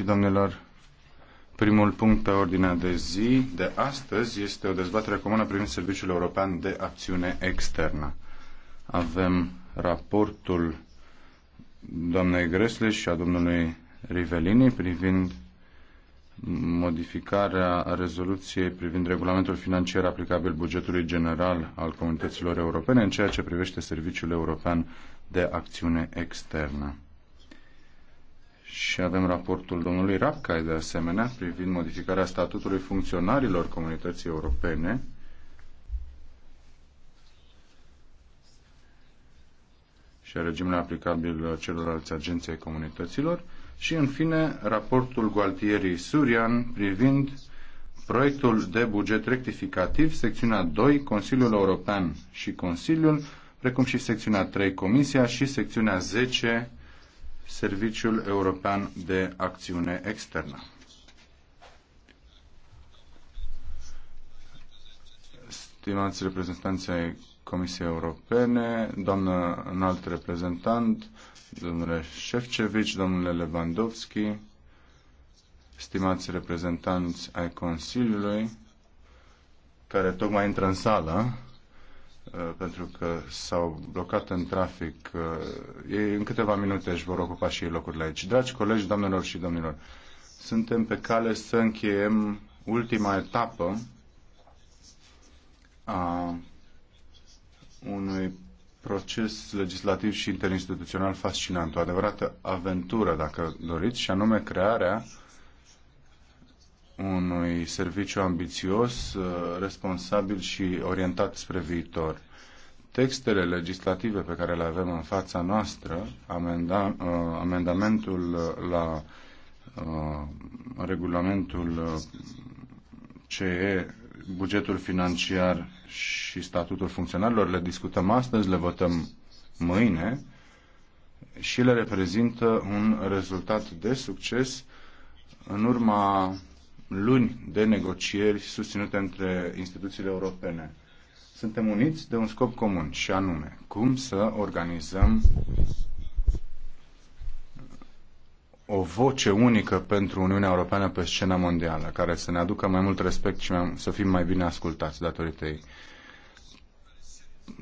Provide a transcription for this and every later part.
și domnilor, primul punct pe ordinea de zi de astăzi este o dezbatere comună privind Serviciul European de Acțiune Externă. Avem raportul doamnei Gresle și a domnului Rivelini privind modificarea rezoluției privind regulamentul financiar aplicabil bugetului general al comunităților europene în ceea ce privește Serviciul European de Acțiune Externă și avem raportul domnului Rapcai de asemenea privind modificarea statutului funcționarilor comunității europene și a regimului aplicabil celorlalți agenții ai comunităților și, în fine, raportul Gualtierii Surian privind proiectul de buget rectificativ, secțiunea 2, Consiliul European și Consiliul, precum și secțiunea 3, Comisia și secțiunea 10, Serviciul European de Acțiune Externă. Stimați reprezentanți ai Comisiei Europene, doamnă înalt reprezentant, domnule Șefcevici, domnule Lewandowski, stimați reprezentanți ai Consiliului, care tocmai intră în sală, Uh, pentru că s-au blocat în trafic. Uh, ei în câteva minute își vor ocupa și ei locurile aici. Dragi colegi, doamnelor și domnilor, suntem pe cale să încheiem ultima etapă a unui proces legislativ și interinstituțional fascinant, o adevărată aventură, dacă doriți, și anume crearea unui serviciu ambițios, uh, responsabil și orientat spre viitor. Textele legislative pe care le avem în fața noastră, amenda, uh, amendamentul la uh, regulamentul CE, bugetul financiar și statutul funcționarilor, le discutăm astăzi, le votăm mâine și le reprezintă un rezultat de succes în urma luni de negocieri susținute între instituțiile europene. Suntem uniți de un scop comun și anume cum să organizăm o voce unică pentru Uniunea Europeană pe scena mondială, care să ne aducă mai mult respect și mai, să fim mai bine ascultați datorită ei.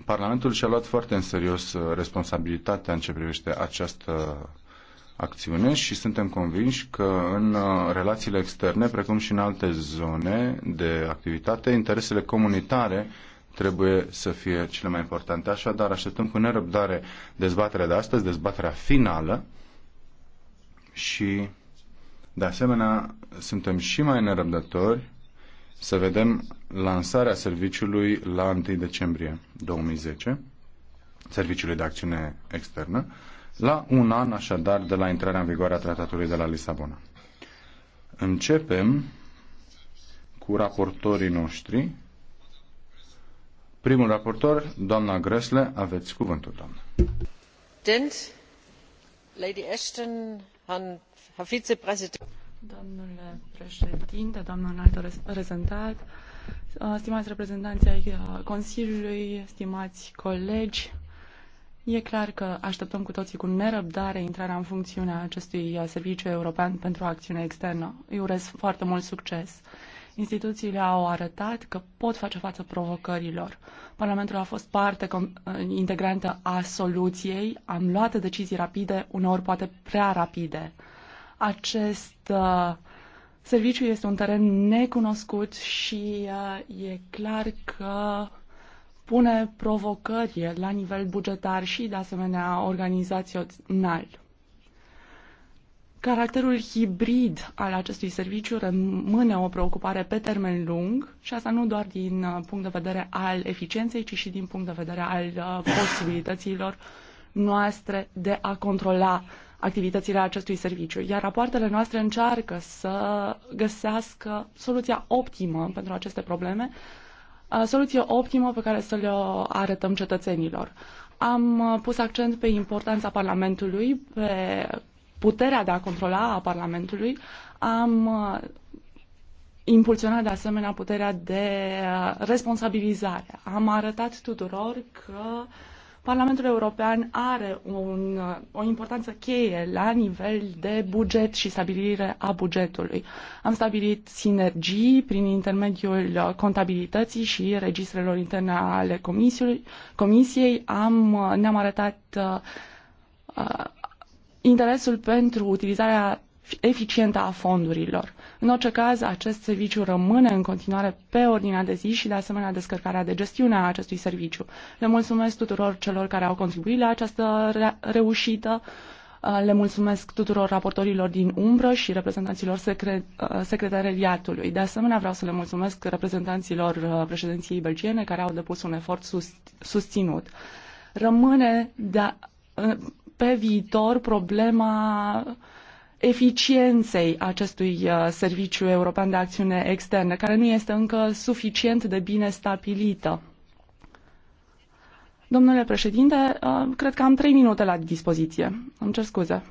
Parlamentul și-a luat foarte în serios uh, responsabilitatea în ce privește această acțiune și suntem convinși că în uh, relațiile externe, precum și în alte zone de activitate, interesele comunitare trebuie să fie cele mai importante. Așadar, așteptăm cu nerăbdare dezbaterea de astăzi, dezbaterea finală și, de asemenea, suntem și mai nerăbdători să vedem lansarea serviciului la 1 decembrie 2010, serviciului de acțiune externă, la un an așadar de la intrarea în vigoare a tratatului de la Lisabona. Începem cu raportorii noștri. Primul raportor, doamna Gresle, aveți cuvântul, doamnă. Dent, Lady Ashton, Han, Domnule președinte, doamnă înalt reprezentant, stimați reprezentanții ai uh, Consiliului, stimați colegi, E clar că așteptăm cu toții cu nerăbdare intrarea în funcțiunea a acestui uh, serviciu european pentru acțiune externă. Îi urez foarte mult succes. Instituțiile au arătat că pot face față provocărilor. Parlamentul a fost parte uh, integrantă a soluției, am luat decizii rapide, uneori poate prea rapide. Acest uh, serviciu este un teren necunoscut și uh, e clar că pune provocări la nivel bugetar și, de asemenea, organizațional. Caracterul hibrid al acestui serviciu rămâne o preocupare pe termen lung și asta nu doar din uh, punct de vedere al eficienței, ci și din punct de vedere al uh, posibilităților noastre de a controla activitățile acestui serviciu. Iar rapoartele noastre încearcă să găsească soluția optimă pentru aceste probleme, soluție optimă pe care să le uh, arătăm cetățenilor. Am uh, pus accent pe importanța Parlamentului, pe puterea de a controla a Parlamentului. Am uh, impulsionat de asemenea puterea de responsabilizare. Am arătat tuturor că Parlamentul European are un, o importanță cheie la nivel de buget și stabilire a bugetului. Am stabilit sinergii prin intermediul contabilității și registrelor interne ale comisiei. Am, ne-am arătat uh, uh interesul pentru utilizarea eficientă a fondurilor. În orice caz, acest serviciu rămâne în continuare pe ordinea de zi și, de asemenea, descărcarea de gestiune a acestui serviciu. Le mulțumesc tuturor celor care au contribuit la această re- reușită. Uh, le mulțumesc tuturor raportorilor din umbră și reprezentanților secre- uh, secretariatului. De asemenea, vreau să le mulțumesc reprezentanților uh, președinției belgiene care au depus un efort sus- susținut. Rămâne de pe viitor problema eficienței acestui uh, Serviciu European de Acțiune Externă, care nu este încă suficient de bine stabilită. Domnule președinte, uh, cred că am trei minute la dispoziție. Îmi cer scuze.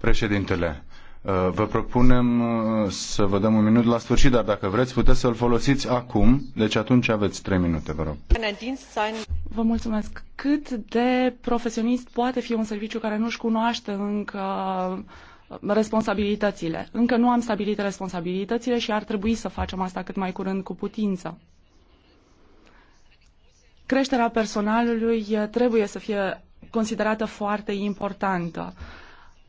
Președintele, Uh, vă propunem uh, să vă dăm un minut la sfârșit, dar dacă vreți, puteți să-l folosiți acum. Deci atunci aveți trei minute, vă rog. Vă mulțumesc. Cât de profesionist poate fi un serviciu care nu-și cunoaște încă responsabilitățile? Încă nu am stabilit responsabilitățile și ar trebui să facem asta cât mai curând cu putință. Creșterea personalului trebuie să fie considerată foarte importantă. Uh,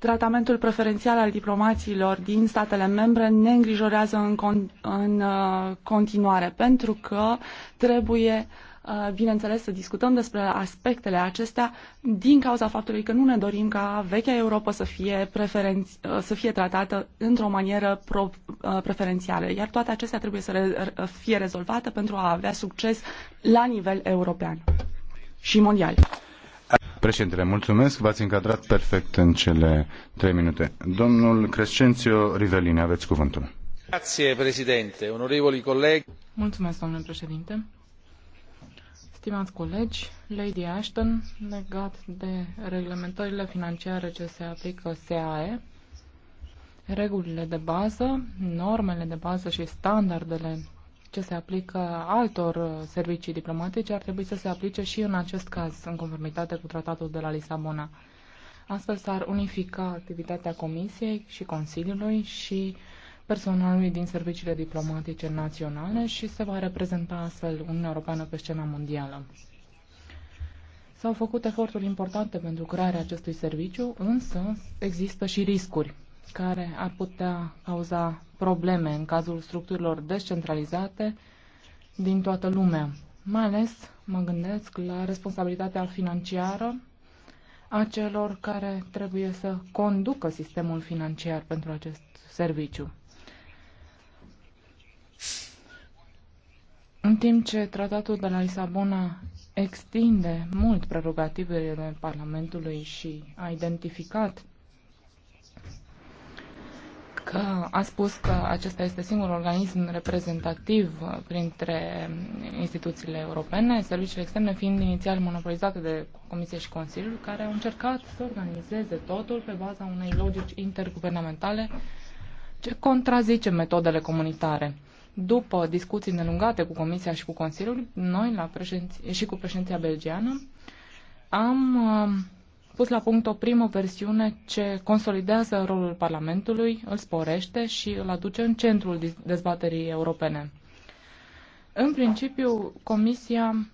Tratamentul preferențial al diplomaților din statele membre ne îngrijorează în, con- în uh, continuare, pentru că trebuie, uh, bineînțeles, să discutăm despre aspectele acestea din cauza faptului că nu ne dorim ca vechea Europa să fie, preferen- uh, să fie tratată într-o manieră pro- preferențială, iar toate acestea trebuie să re- fie rezolvate pentru a avea succes la nivel european și mondial. Președintele, mulțumesc, v-ați încadrat perfect în cele trei minute. Domnul Crescențio Rivelini, aveți cuvântul. Grazie, președinte, onorevoli colegi. Mulțumesc, domnule președinte. Stimați colegi, Lady Ashton, legat de reglementările financiare ce se aplică SAE, regulile de bază, normele de bază și standardele ce se aplică altor uh, servicii diplomatice ar trebui să se aplice și în acest caz, în conformitate cu tratatul de la Lisabona. Astfel s-ar unifica activitatea Comisiei și Consiliului și personalului din serviciile diplomatice naționale și se va reprezenta astfel Uniunea Europeană pe scena mondială. S-au făcut eforturi importante pentru crearea acestui serviciu, însă există și riscuri care ar putea cauza probleme în cazul structurilor descentralizate din toată lumea. Mai ales mă gândesc la responsabilitatea financiară a celor care trebuie să conducă sistemul financiar pentru acest serviciu. În timp ce tratatul de la Lisabona extinde mult prerogativele Parlamentului și a identificat că a spus că acesta este singurul organism reprezentativ uh, printre mm, instituțiile europene, serviciile externe fiind inițial monopolizate de Comisie și Consiliul, care au încercat să organizeze totul pe baza unei logici interguvernamentale ce contrazice metodele comunitare. După discuții nelungate cu Comisia și cu Consiliul, noi la președinț- și cu președinția belgiană am uh, pus la punct o primă versiune ce consolidează rolul Parlamentului, îl sporește și îl aduce în centrul dezbaterii europene. În principiu, Comisia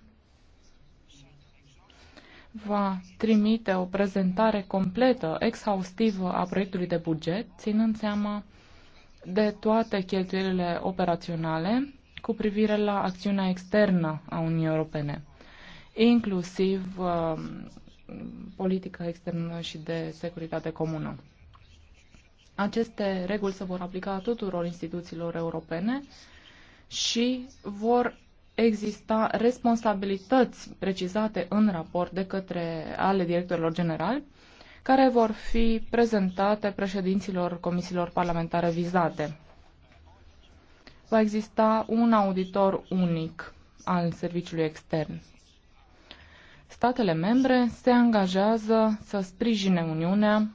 va trimite o prezentare completă, exhaustivă a proiectului de buget, ținând seama de toate cheltuielile operaționale cu privire la acțiunea externă a Uniunii Europene, inclusiv uh, politică externă și de securitate comună. Aceste reguli se vor aplica tuturor instituțiilor europene și vor exista responsabilități precizate în raport de către ale directorilor generali, care vor fi prezentate președinților comisiilor parlamentare vizate. Va exista un auditor unic al serviciului extern statele membre se angajează să sprijine Uniunea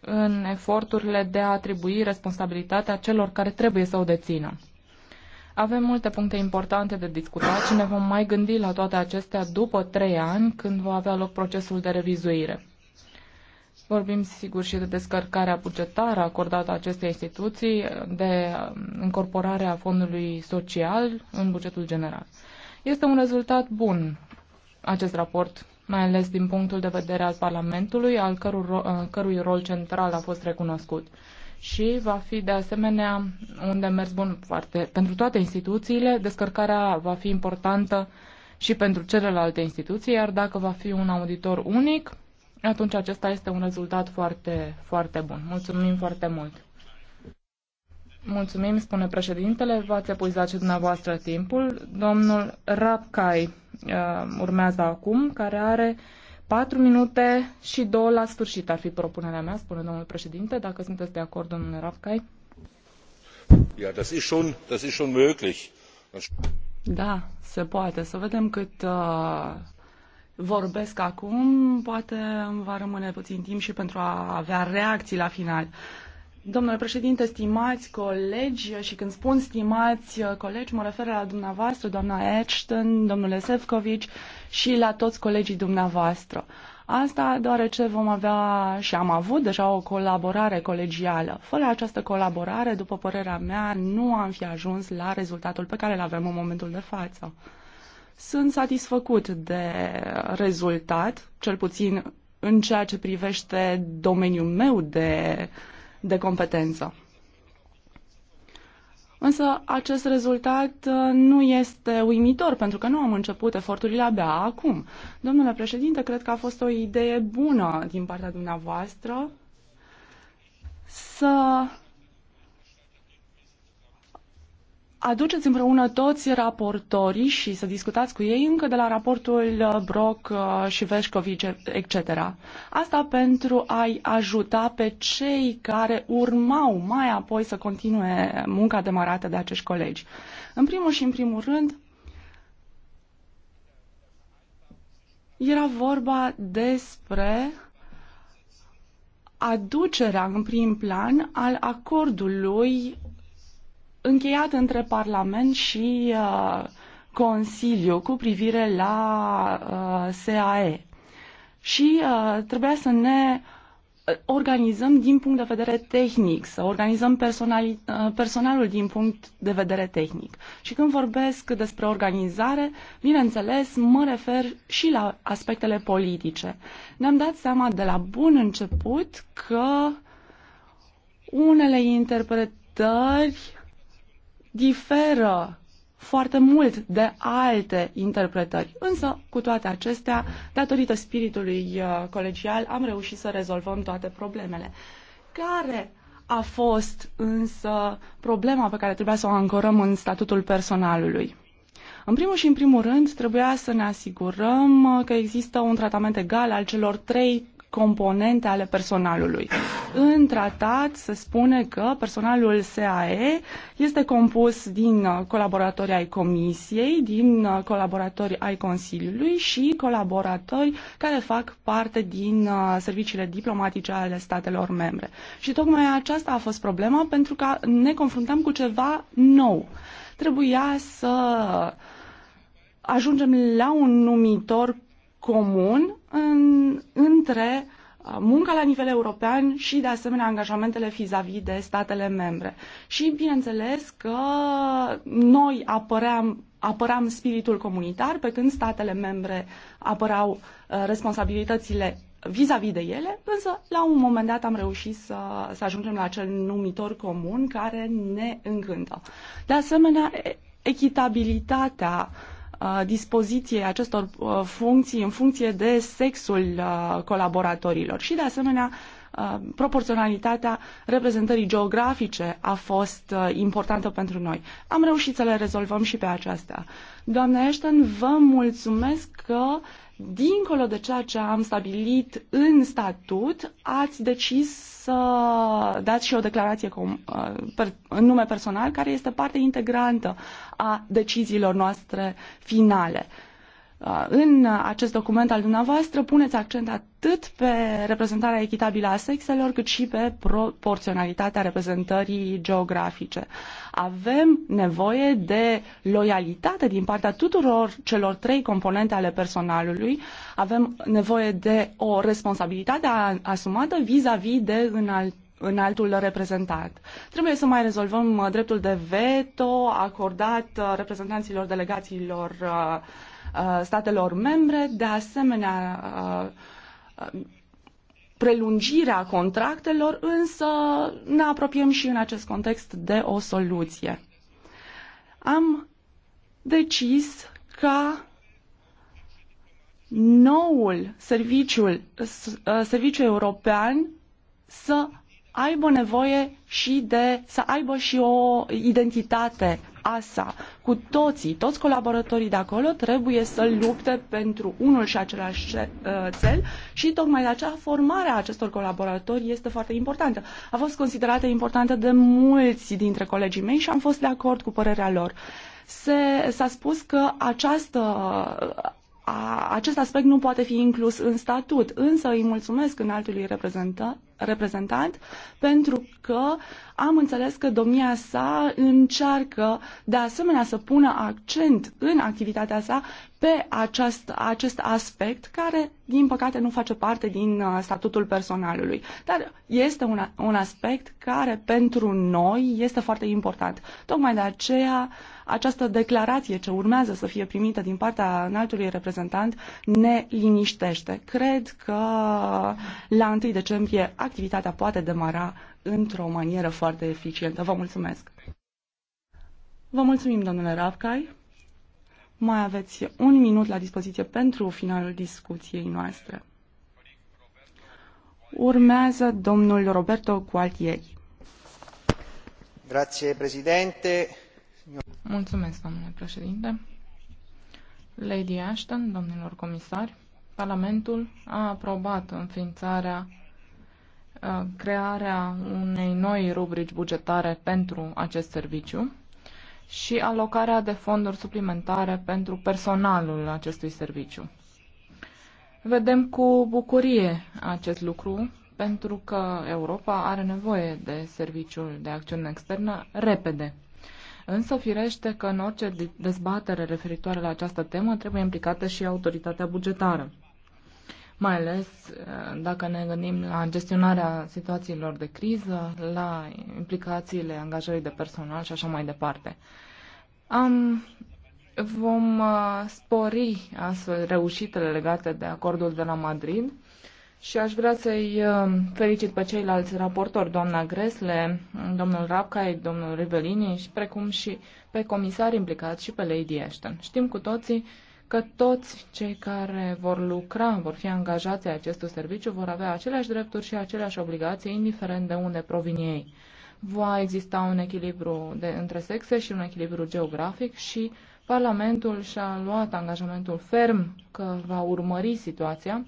în eforturile de a atribui responsabilitatea celor care trebuie să o dețină. Avem multe puncte importante de discutat și ne vom mai gândi la toate acestea după trei ani, când va avea loc procesul de revizuire. Vorbim, sigur, și de descărcarea bugetară acordată acestei instituții, de um, incorporarea fondului social în bugetul general. Este un rezultat bun acest raport, mai ales din punctul de vedere al Parlamentului, al căru, uh, cărui rol central a fost recunoscut. Și va fi, de asemenea, un demers bun foarte, pentru toate instituțiile. Descărcarea va fi importantă și pentru celelalte instituții, iar dacă va fi un auditor unic, atunci acesta este un rezultat foarte, foarte bun. Mulțumim foarte mult! Mulțumim, spune președintele, v-ați epuizat și dumneavoastră timpul. Domnul Rapcai uh, urmează acum, care are 4 minute și 2 la sfârșit ar fi propunerea mea, spune domnul președinte, dacă sunteți de acord, domnule Rapcai. Ja, das ist schon, das ist schon möglich. Da, se poate. Să vedem cât uh, vorbesc acum, poate îmi va rămâne puțin timp și pentru a avea reacții la final. Domnule președinte, stimați colegi și când spun stimați colegi, mă refer la dumneavoastră, doamna Ashton, domnule Sefcovic și la toți colegii dumneavoastră. Asta deoarece vom avea și am avut deja o colaborare colegială. Fără această colaborare, după părerea mea, nu am fi ajuns la rezultatul pe care îl avem în momentul de față. Sunt satisfăcut de rezultat, cel puțin în ceea ce privește domeniul meu de, de competență. Însă acest rezultat uh, nu este uimitor, pentru că nu am început eforturile abia acum. Domnule președinte, cred că a fost o idee bună din partea dumneavoastră să aduceți împreună toți raportorii și să discutați cu ei încă de la raportul uh, Brock uh, și Veșcovici, etc. Asta pentru a-i ajuta pe cei care urmau mai apoi să continue munca demarată de acești colegi. În primul și în primul rând, era vorba despre aducerea în prim plan al acordului încheiat între Parlament și uh, Consiliu cu privire la uh, SAE. Și uh, trebuia să ne organizăm din punct de vedere tehnic, să organizăm personalul din punct de vedere tehnic. Și când vorbesc despre organizare, bineînțeles, mă refer și la aspectele politice. Ne-am dat seama de la bun început că unele interpretări diferă foarte mult de alte interpretări. Însă, cu toate acestea, datorită spiritului uh, colegial, am reușit să rezolvăm toate problemele. Care a fost însă problema pe care trebuia să o ancorăm în statutul personalului? În primul și în primul rând, trebuia să ne asigurăm că există un tratament egal al celor trei componente ale personalului. În tratat se spune că personalul SAE este compus din uh, colaboratori ai Comisiei, din uh, colaboratori ai Consiliului și colaboratori care fac parte din uh, serviciile diplomatice ale statelor membre. Și tocmai aceasta a fost problema pentru că ne confruntăm cu ceva nou. Trebuia să ajungem la un numitor comun în, între uh, munca la nivel european și, de asemenea, angajamentele vis-a-vis de statele membre. Și, bineînțeles, că noi apăream, apăram spiritul comunitar, pe când statele membre apărau uh, responsabilitățile vis a -vis de ele, însă la un moment dat am reușit să, să ajungem la acel numitor comun care ne încântă. De asemenea, echitabilitatea uh, Uh, dispoziției acestor uh, funcții în funcție de sexul uh, colaboratorilor și, de asemenea, proporționalitatea reprezentării geografice a fost importantă pentru noi. Am reușit să le rezolvăm și pe aceasta. Doamne Ashton, vă mulțumesc că dincolo de ceea ce am stabilit în statut, ați decis să dați și o declarație uh, în nume personal, care este parte integrantă a deciziilor noastre finale. Uh, în acest document al dumneavoastră puneți accent atât pe reprezentarea echitabilă a sexelor, cât și pe proporționalitatea reprezentării geografice. Avem nevoie de loialitate din partea tuturor celor trei componente ale personalului. Avem nevoie de o responsabilitate asumată vis-a-vis -vis de înalt în altul reprezentat. Trebuie să mai rezolvăm uh, dreptul de veto acordat uh, reprezentanților delegațiilor uh, Uh, statelor membre, de asemenea uh, prelungirea contractelor, însă ne apropiem și în acest context de o soluție. Am decis ca noul serviciul, uh, serviciu european să aibă nevoie și de, să aibă și o identitate ASA. Cu toții, toți colaboratorii de acolo trebuie să lupte pentru unul și același uh, cel și tocmai de aceea formarea acestor colaboratori este foarte importantă. A fost considerată importantă de mulți dintre colegii mei și am fost de acord cu părerea lor se, s-a spus că această, a, acest aspect nu poate fi inclus în statut, însă îi mulțumesc înaltului reprezentant, reprezentant pentru că am înțeles că domnia sa încearcă de asemenea să pună accent în activitatea sa pe acest, acest aspect care din păcate, nu face parte din uh, statutul personalului. Dar este un, un aspect care pentru noi este foarte important. Tocmai de aceea, această declarație ce urmează să fie primită din partea înaltului reprezentant ne liniștește. Cred că la 1 decembrie activitatea poate demara într-o manieră foarte eficientă. Vă mulțumesc! Vă mulțumim, domnule Ravcai. Mai aveți un minut la dispoziție pentru finalul discuției noastre. Urmează domnul Roberto Gualtieri. Grazie, președinte. Mulțumesc, domnule președinte. Lady Ashton, domnilor comisari, Parlamentul a aprobat înființarea uh, crearea unei noi rubrici bugetare pentru acest serviciu, și alocarea de fonduri suplimentare pentru personalul acestui serviciu. Vedem cu bucurie acest lucru pentru că Europa are nevoie de serviciul de acțiune externă repede. Însă firește că în orice dezbatere referitoare la această temă trebuie implicată și autoritatea bugetară mai ales uh, dacă ne gândim la gestionarea situațiilor de criză, la implicațiile angajării de personal și așa mai departe. Am, vom uh, spori astfel reușitele legate de acordul de la Madrid și aș vrea să-i uh, felicit pe ceilalți raportori, doamna Gresle, domnul Rapcai, domnul Rivelini, și precum și pe comisari implicați și pe Lady Ashton. Știm cu toții că toți cei care vor lucra, vor fi angajați acestui serviciu, vor avea aceleași drepturi și aceleași obligații, indiferent de unde provin ei. Va exista un echilibru de, între sexe și un echilibru geografic și Parlamentul și-a luat angajamentul ferm că va urmări situația.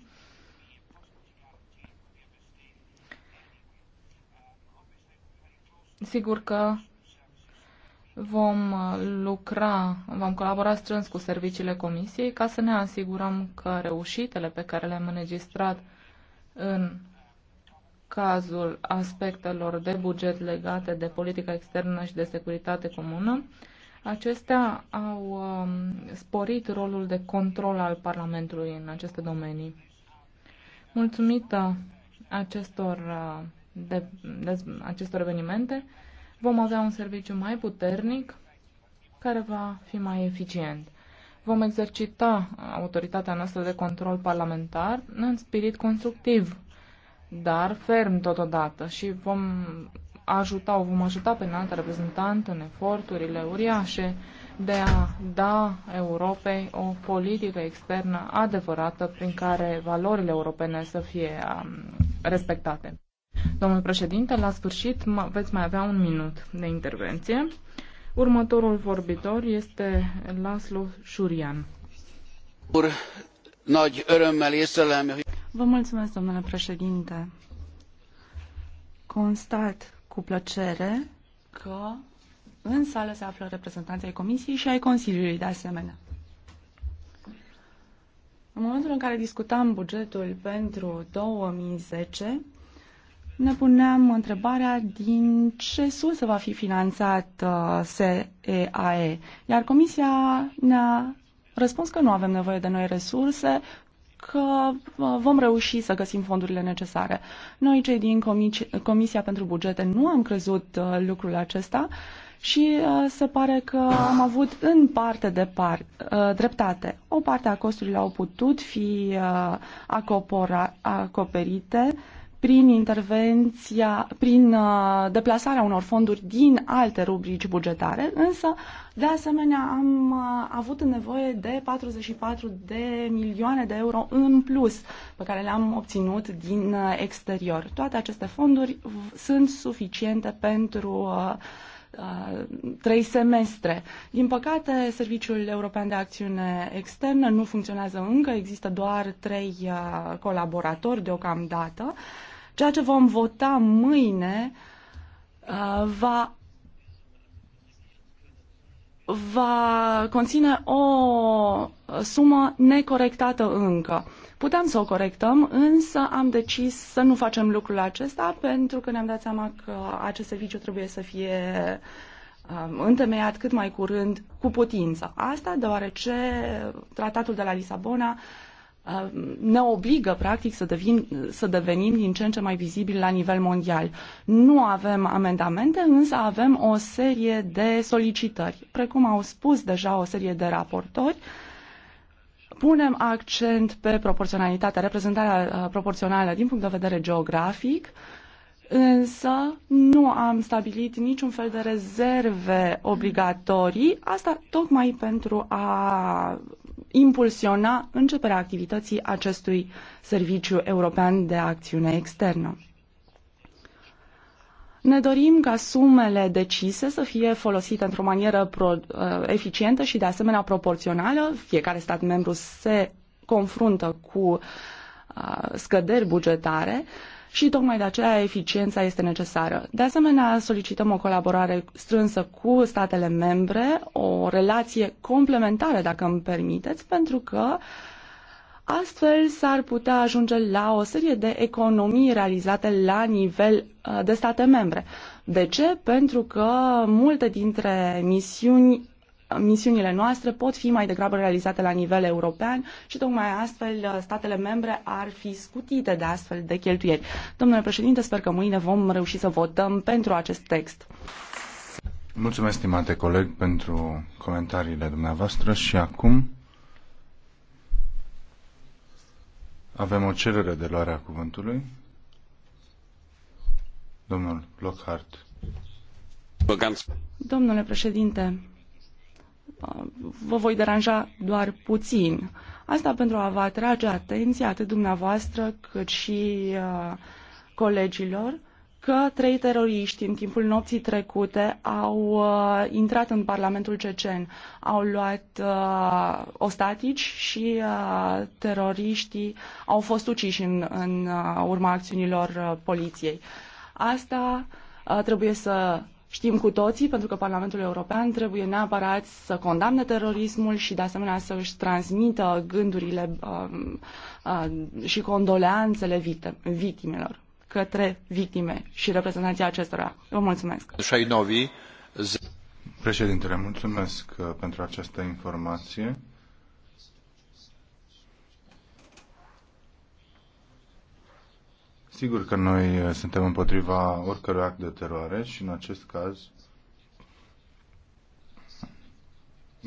Sigur că Vom uh, lucra, vom colabora strâns cu serviciile Comisiei ca să ne asigurăm că reușitele pe care le-am înregistrat în cazul aspectelor de buget legate de politica externă și de securitate comună, acestea au um, sporit rolul de control al Parlamentului în aceste domenii. Mulțumită acestor, uh, de, de, acestor evenimente, Vom avea un serviciu mai puternic care va fi mai eficient. Vom exercita autoritatea noastră de control parlamentar în spirit constructiv, dar ferm totodată și vom ajuta, o vom ajuta pe înaltă reprezentant în eforturile uriașe de a da Europei o politică externă adevărată prin care valorile europene să fie um, respectate. Domnul președinte, la sfârșit veți mai avea un minut de intervenție. Următorul vorbitor este Laszlo Șurian. Vă mulțumesc, domnule președinte. Constat cu plăcere că în sală se află reprezentanții ai Comisiei și ai Consiliului de asemenea. În momentul în care discutam bugetul pentru 2010, ne puneam întrebarea din ce sursă va fi finanțat uh, SEAE, iar Comisia ne-a răspuns că nu avem nevoie de noi resurse, că uh, vom reuși să găsim fondurile necesare. Noi, cei din Comis Comisia pentru Bugete, nu am crezut uh, lucrul acesta și uh, se pare că am avut în parte de par, uh, dreptate. O parte a costurilor au putut fi uh, acopora, acoperite prin intervenția, prin uh, deplasarea unor fonduri din alte rubrici bugetare, însă, de asemenea, am uh, avut nevoie de 44 de milioane de euro în plus pe care le-am obținut din uh, exterior. Toate aceste fonduri sunt suficiente pentru trei semestre. Din păcate, Serviciul European de Acțiune Externă nu funcționează încă, există doar trei colaboratori deocamdată Ceea ce vom vota mâine uh, va va conține o sumă necorectată încă. Putem să o corectăm, însă am decis să nu facem lucrul acesta pentru că ne-am dat seama că acest serviciu trebuie să fie um, întemeiat cât mai curând cu putință. Asta deoarece tratatul de la Lisabona uh, Uh, ne obligă, practic, să, devin, să devenim din ce în ce mai vizibili la nivel mondial. Nu avem amendamente, însă avem o serie de solicitări. Precum au spus deja o serie de raportori, punem accent pe proporționalitatea, reprezentarea uh, proporțională din punct de vedere geografic, însă nu am stabilit niciun fel de rezerve obligatorii, asta tocmai pentru a impulsiona începerea activității acestui serviciu european de acțiune externă. Ne dorim ca sumele decise să fie folosite într-o manieră pro, uh, eficientă și de asemenea proporțională. Fiecare stat membru se confruntă cu uh, scăderi bugetare. Uh, și tocmai de aceea eficiența este necesară. De asemenea, solicităm o colaborare strânsă cu statele membre, o relație complementară, dacă îmi permiteți, pentru că astfel s-ar putea ajunge la o serie de economii realizate la nivel uh, de state membre. De ce? Pentru că multe dintre misiuni misiunile noastre pot fi mai degrabă realizate la nivel european și tocmai astfel uh, statele membre ar fi scutite de astfel de cheltuieli. Domnule președinte, sper că mâine vom reuși să votăm pentru acest text. Mulțumesc, stimate coleg, pentru comentariile dumneavoastră și acum avem o cerere de a cuvântului. Domnul Lockhart. Domnule președinte, vă voi deranja doar puțin. Asta pentru a vă atrage atenția atât dumneavoastră cât și uh, colegilor că trei teroriști în timpul nopții trecute au uh, intrat în Parlamentul Cecen, au luat uh, ostatici și uh, teroriștii au fost uciși în, în uh, urma acțiunilor uh, poliției. Asta uh, trebuie să Știm cu toții, pentru că Parlamentul European trebuie neapărat să condamne terorismul și de asemenea să își transmită gândurile um, uh, și condoleanțele victimelor către victime și reprezentanții acestora. Vă mulțumesc. Președintele, mulțumesc uh, pentru această informație. Sigur că noi uh, suntem împotriva oricărui act de teroare și în acest caz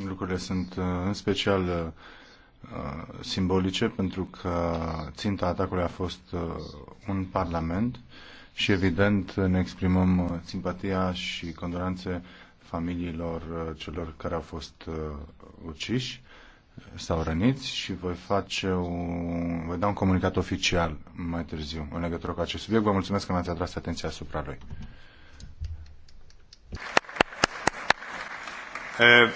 lucrurile sunt uh, în special uh, simbolice pentru că ținta atacului a fost un parlament și evident ne exprimăm simpatia și condolențe familiilor celor care au fost uciși sau răniți și voi face un, voi da un comunicat oficial mai târziu în legătură cu acest subiect. Vă mulțumesc că mi-ați atras atenția asupra lui. Uh,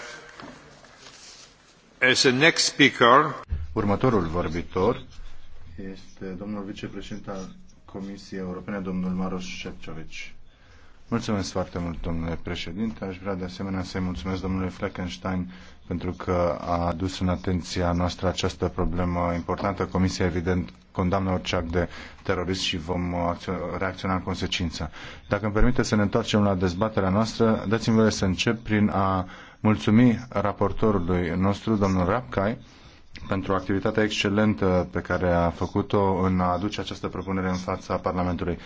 as the next speaker... Următorul vorbitor este domnul vicepreședinte al Comisiei Europene, domnul Maros Șepciovici. Mulțumesc foarte mult, domnule președinte. Aș vrea de asemenea să-i mulțumesc domnului Fleckenstein pentru că a adus în atenția noastră această problemă importantă. Comisia, evident, condamnă orice act de terorist și vom reacționa în consecință. Dacă îmi permite să ne întoarcem la dezbaterea noastră, dați-mi voie să încep prin a mulțumi raportorului nostru, domnul Rapcai, pentru activitatea excelentă pe care a făcut-o în a aduce această propunere în fața Parlamentului.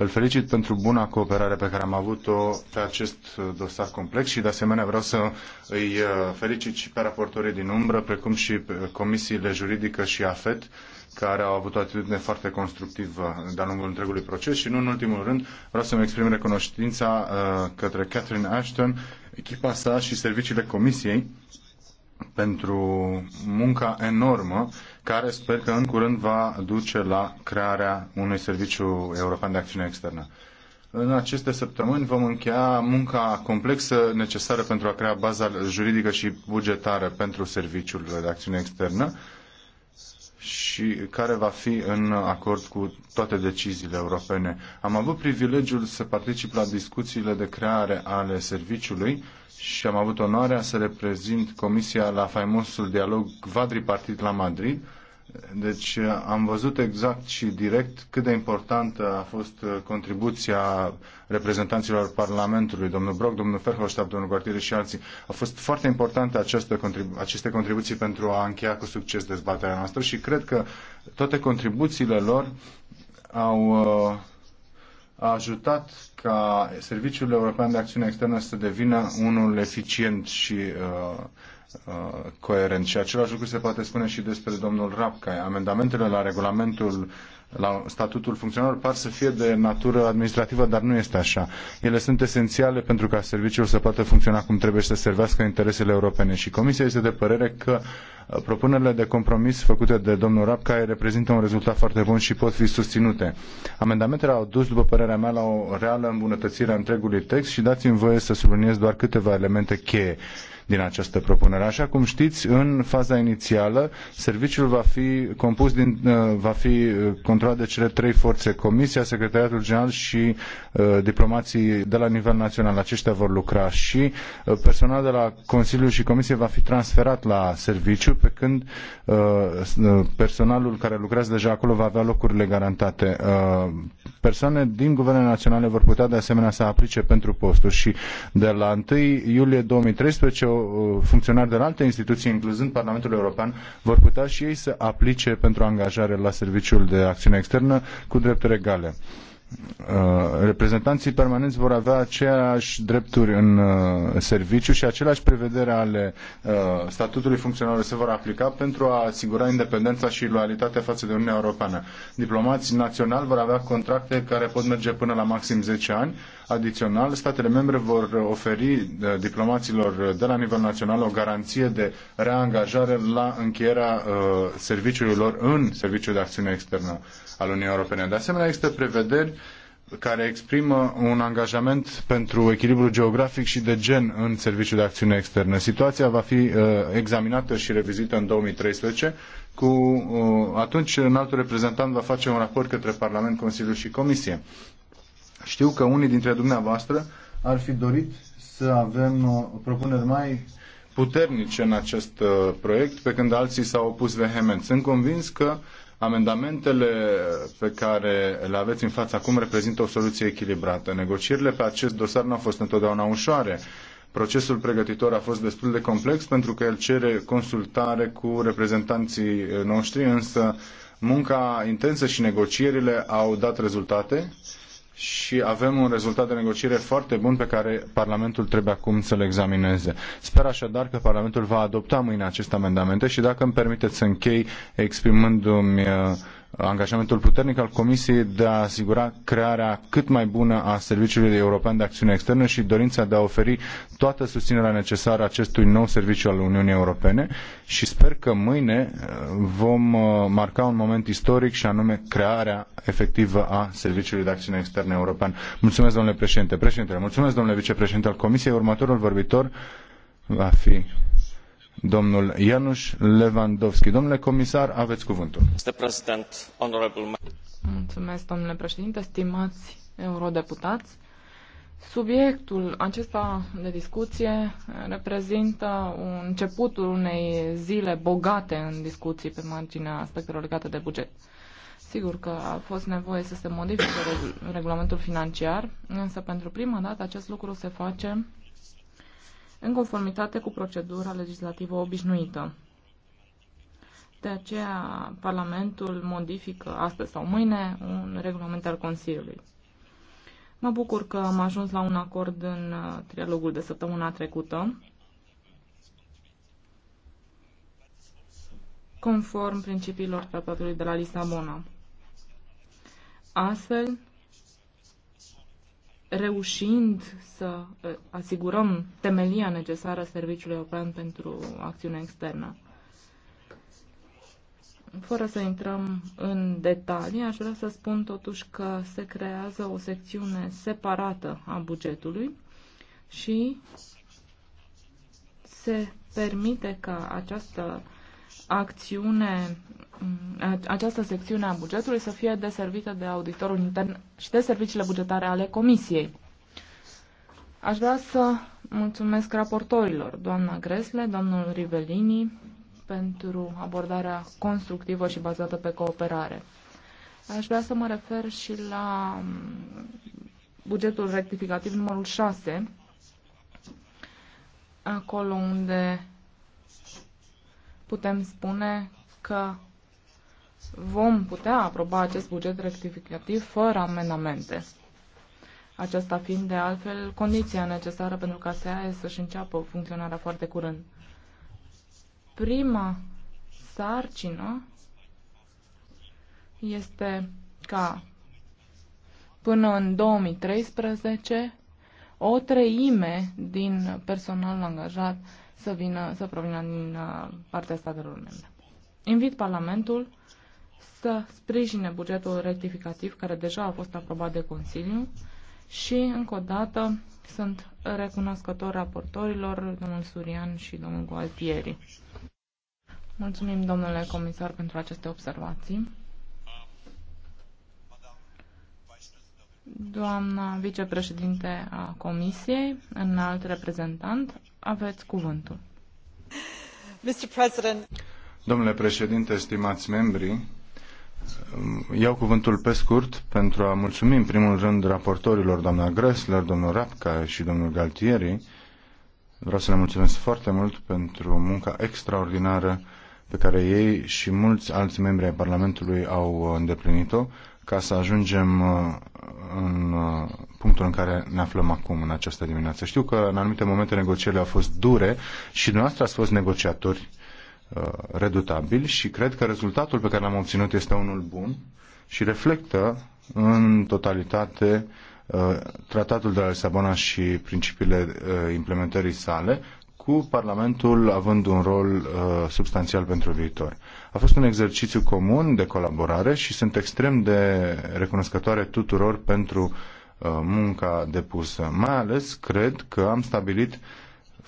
Îl felicit pentru buna cooperare pe care am avut-o pe acest dosar complex și de asemenea vreau să îi uh, felicit și pe raportorii din umbră, precum și pe comisiile juridică și AFET, care au avut o atitudine foarte constructivă de-a lungul întregului proces și nu în ultimul rând vreau să-mi exprim recunoștința uh, către Catherine Ashton, echipa sa și serviciile comisiei pentru munca enormă care sper că în curând va duce la crearea unui serviciu european de acțiune externă. În aceste săptămâni vom încheia munca complexă necesară pentru a crea baza juridică și bugetară pentru serviciul de acțiune externă și care va fi în acord cu toate deciziile europene. Am avut privilegiul să particip la discuțiile de creare ale serviciului și am avut onoarea să reprezint Comisia la faimosul dialog quadripartit la Madrid, deci uh, am văzut exact și direct cât de importantă a fost uh, contribuția reprezentanților Parlamentului, domnul Brock, domnul Ferhofstadt, domnul Gartire și alții. A fost foarte importantă această contribu- aceste contribuții pentru a încheia cu succes dezbaterea noastră și cred că toate contribuțiile lor au uh, ajutat ca Serviciul European de Acțiune Externă să devină unul eficient și uh, Uh, coerent. Și același lucru se poate spune și despre domnul Rapcai. Amendamentele la regulamentul la statutul funcționar par să fie de natură administrativă, dar nu este așa. Ele sunt esențiale pentru ca serviciul să poată funcționa cum trebuie și să servească interesele europene. Și Comisia este de părere că uh, propunerile de compromis făcute de domnul Rapcai reprezintă un rezultat foarte bun și pot fi susținute. Amendamentele au dus, după părerea mea, la o reală îmbunătățire a întregului text și dați-mi voie să subliniez doar câteva elemente cheie din această propunere. Așa cum știți, în faza inițială, serviciul va fi compus din, uh, va fi uh, controlat de cele trei forțe, Comisia, Secretariatul General și uh, diplomații de la nivel național. Aceștia vor lucra și personal de la Consiliu și Comisie va fi transferat la serviciu, pe când personalul care lucrează deja acolo va avea locurile garantate. persoane din guvernele naționale vor putea de asemenea să aplice pentru posturi și de la 1 iulie 2013 o Uh, funcționari de la alte instituții, incluzând Parlamentul European, vor putea și ei să aplice pentru angajare la Serviciul de Acțiune Externă cu drepturi egale. Uh, reprezentanții permanenți vor avea aceeași drepturi în uh, serviciu și aceleași prevedere ale uh, statutului funcționarilor se vor aplica pentru a asigura independența și loialitatea față de Uniunea Europeană. Diplomații naționali vor avea contracte care pot merge până la maxim 10 ani. Adițional, statele membre vor oferi diplomaților de la nivel național o garanție de reangajare la încheierea serviciului lor în serviciul de acțiune externă al Uniunii Europene. De asemenea, există prevederi care exprimă un angajament pentru echilibru geografic și de gen în Serviciul de Acțiune Externă. Situația va fi uh, examinată și revizită în 2013. Cu, uh, atunci, un alt reprezentant va face un raport către Parlament, Consiliu și Comisie. Știu că unii dintre dumneavoastră ar fi dorit să avem uh, propuneri mai puternice în acest uh, proiect, pe când alții s-au opus vehement. Sunt convins că uh, Amendamentele pe care le aveți în față acum reprezintă o soluție echilibrată. Negocierile pe acest dosar nu au fost întotdeauna ușoare. Procesul pregătitor a fost destul de complex pentru că el cere consultare cu reprezentanții noștri, însă munca intensă și negocierile au dat rezultate și avem un rezultat de negociere foarte bun pe care Parlamentul trebuie acum să-l examineze. Sper așadar că Parlamentul va adopta mâine aceste amendamente și dacă îmi permiteți să închei exprimându-mi uh, angajamentul puternic al Comisiei de a asigura crearea cât mai bună a Serviciului European de Acțiune Externă și dorința de a oferi toată susținerea necesară acestui nou serviciu al Uniunii Europene și sper că mâine uh, vom uh, marca un moment istoric și anume crearea efectivă a Serviciului de Acțiune Externă European. Mulțumesc, domnule președinte. președinte, mulțumesc, domnule vicepreședinte al Comisiei. Următorul vorbitor va fi domnul Ianuș Lewandowski. Domnule comisar, aveți cuvântul. Mulțumesc, domnule președinte, stimați eurodeputați. Subiectul acesta de discuție reprezintă un începutul unei zile bogate în discuții pe marginea aspectelor legate de buget. Sigur că a fost nevoie să se modifice regulamentul financiar, însă pentru prima dată acest lucru se face în conformitate cu procedura legislativă obișnuită. De aceea, Parlamentul modifică astăzi sau mâine un regulament al Consiliului. Mă bucur că am ajuns la un acord în uh, trialogul de săptămâna trecută, conform principiilor tratatului de la Lisabona. Astfel, reușind să uh, asigurăm temelia necesară Serviciului European pentru Acțiune Externă. Fără să intrăm în detalii, aș vrea să spun totuși că se creează o secțiune separată a bugetului și se permite ca această acțiune, mm, această secțiune a bugetului să fie deservită de auditorul intern și de serviciile bugetare ale Comisiei. Aș vrea să mulțumesc raportorilor, doamna Gresle, domnul Rivelini, pentru abordarea constructivă și bazată pe cooperare. Aș vrea să mă refer și la mm, bugetul rectificativ numărul 6, acolo unde putem spune că vom putea aproba acest buget rectificativ fără amendamente. Aceasta fiind de altfel condiția necesară pentru ca SAE să-și înceapă funcționarea foarte curând. Prima sarcină este ca până în 2013 o treime din personal angajat să, vină, să provină din uh, partea statelor membre. Invit Parlamentul să sprijine bugetul rectificativ care deja a fost aprobat de Consiliu și, încă o dată, sunt recunoscător raportorilor, domnul Surian și domnul Gualtieri. Mulțumim, domnule comisar, pentru aceste observații. Doamna vicepreședinte a Comisiei, înalt reprezentant, aveți cuvântul. Domnule președinte, stimați membri, iau cuvântul pe scurt pentru a mulțumi în primul rând raportorilor, doamna Gressler, domnul Rapca și domnul Galtieri. Vreau să le mulțumesc foarte mult pentru munca extraordinară pe care ei și mulți alți membri ai Parlamentului au îndeplinit-o, ca să ajungem uh, în uh, punctul în care ne aflăm acum, în această dimineață. Știu că în anumite momente negocierile au fost dure și dumneavoastră ați fost negociatori uh, redutabili și cred că rezultatul pe care l-am obținut este unul bun și reflectă în totalitate tratatul de la Lisabona și principiile implementării sale, cu Parlamentul având un rol uh, substanțial pentru viitor. A fost un exercițiu comun de colaborare și sunt extrem de recunoscătoare tuturor pentru uh, munca depusă. Mai ales cred că am stabilit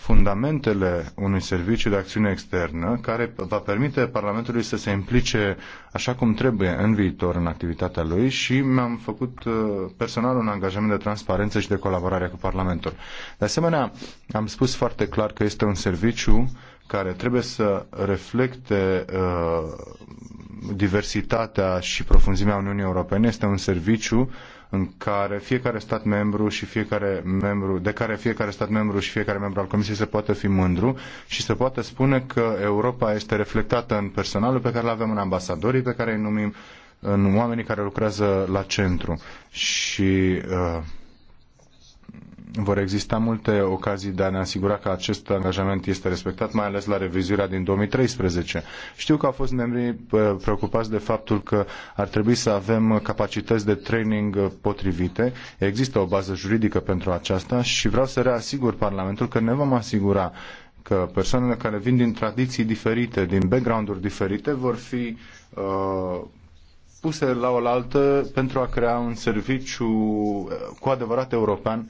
fundamentele unui serviciu de acțiune externă care va permite Parlamentului să se implice așa cum trebuie în viitor în activitatea lui și mi-am făcut uh, personal un angajament de transparență și de colaborare cu Parlamentul. De asemenea, am spus foarte clar că este un serviciu care trebuie să reflecte uh, diversitatea și profunzimea Uniunii Europene. Este un serviciu uh, în care fiecare stat membru și fiecare membru, de care fiecare stat membru și fiecare membru al Comisiei se poate fi mândru și se poate spune că Europa este reflectată în personalul pe care îl avem în ambasadorii pe care îi numim, în oamenii care lucrează la centru. Și uh, vor exista multe ocazii de a ne asigura că acest angajament este respectat, mai ales la revizuirea din 2013. Știu că au fost membrii uh, preocupați de faptul că ar trebui să avem capacități de training potrivite. Există o bază juridică pentru aceasta și vreau să reasigur Parlamentul că ne vom asigura că persoanele care vin din tradiții diferite, din background-uri diferite, vor fi uh, puse la oaltă pentru a crea un serviciu uh, cu adevărat european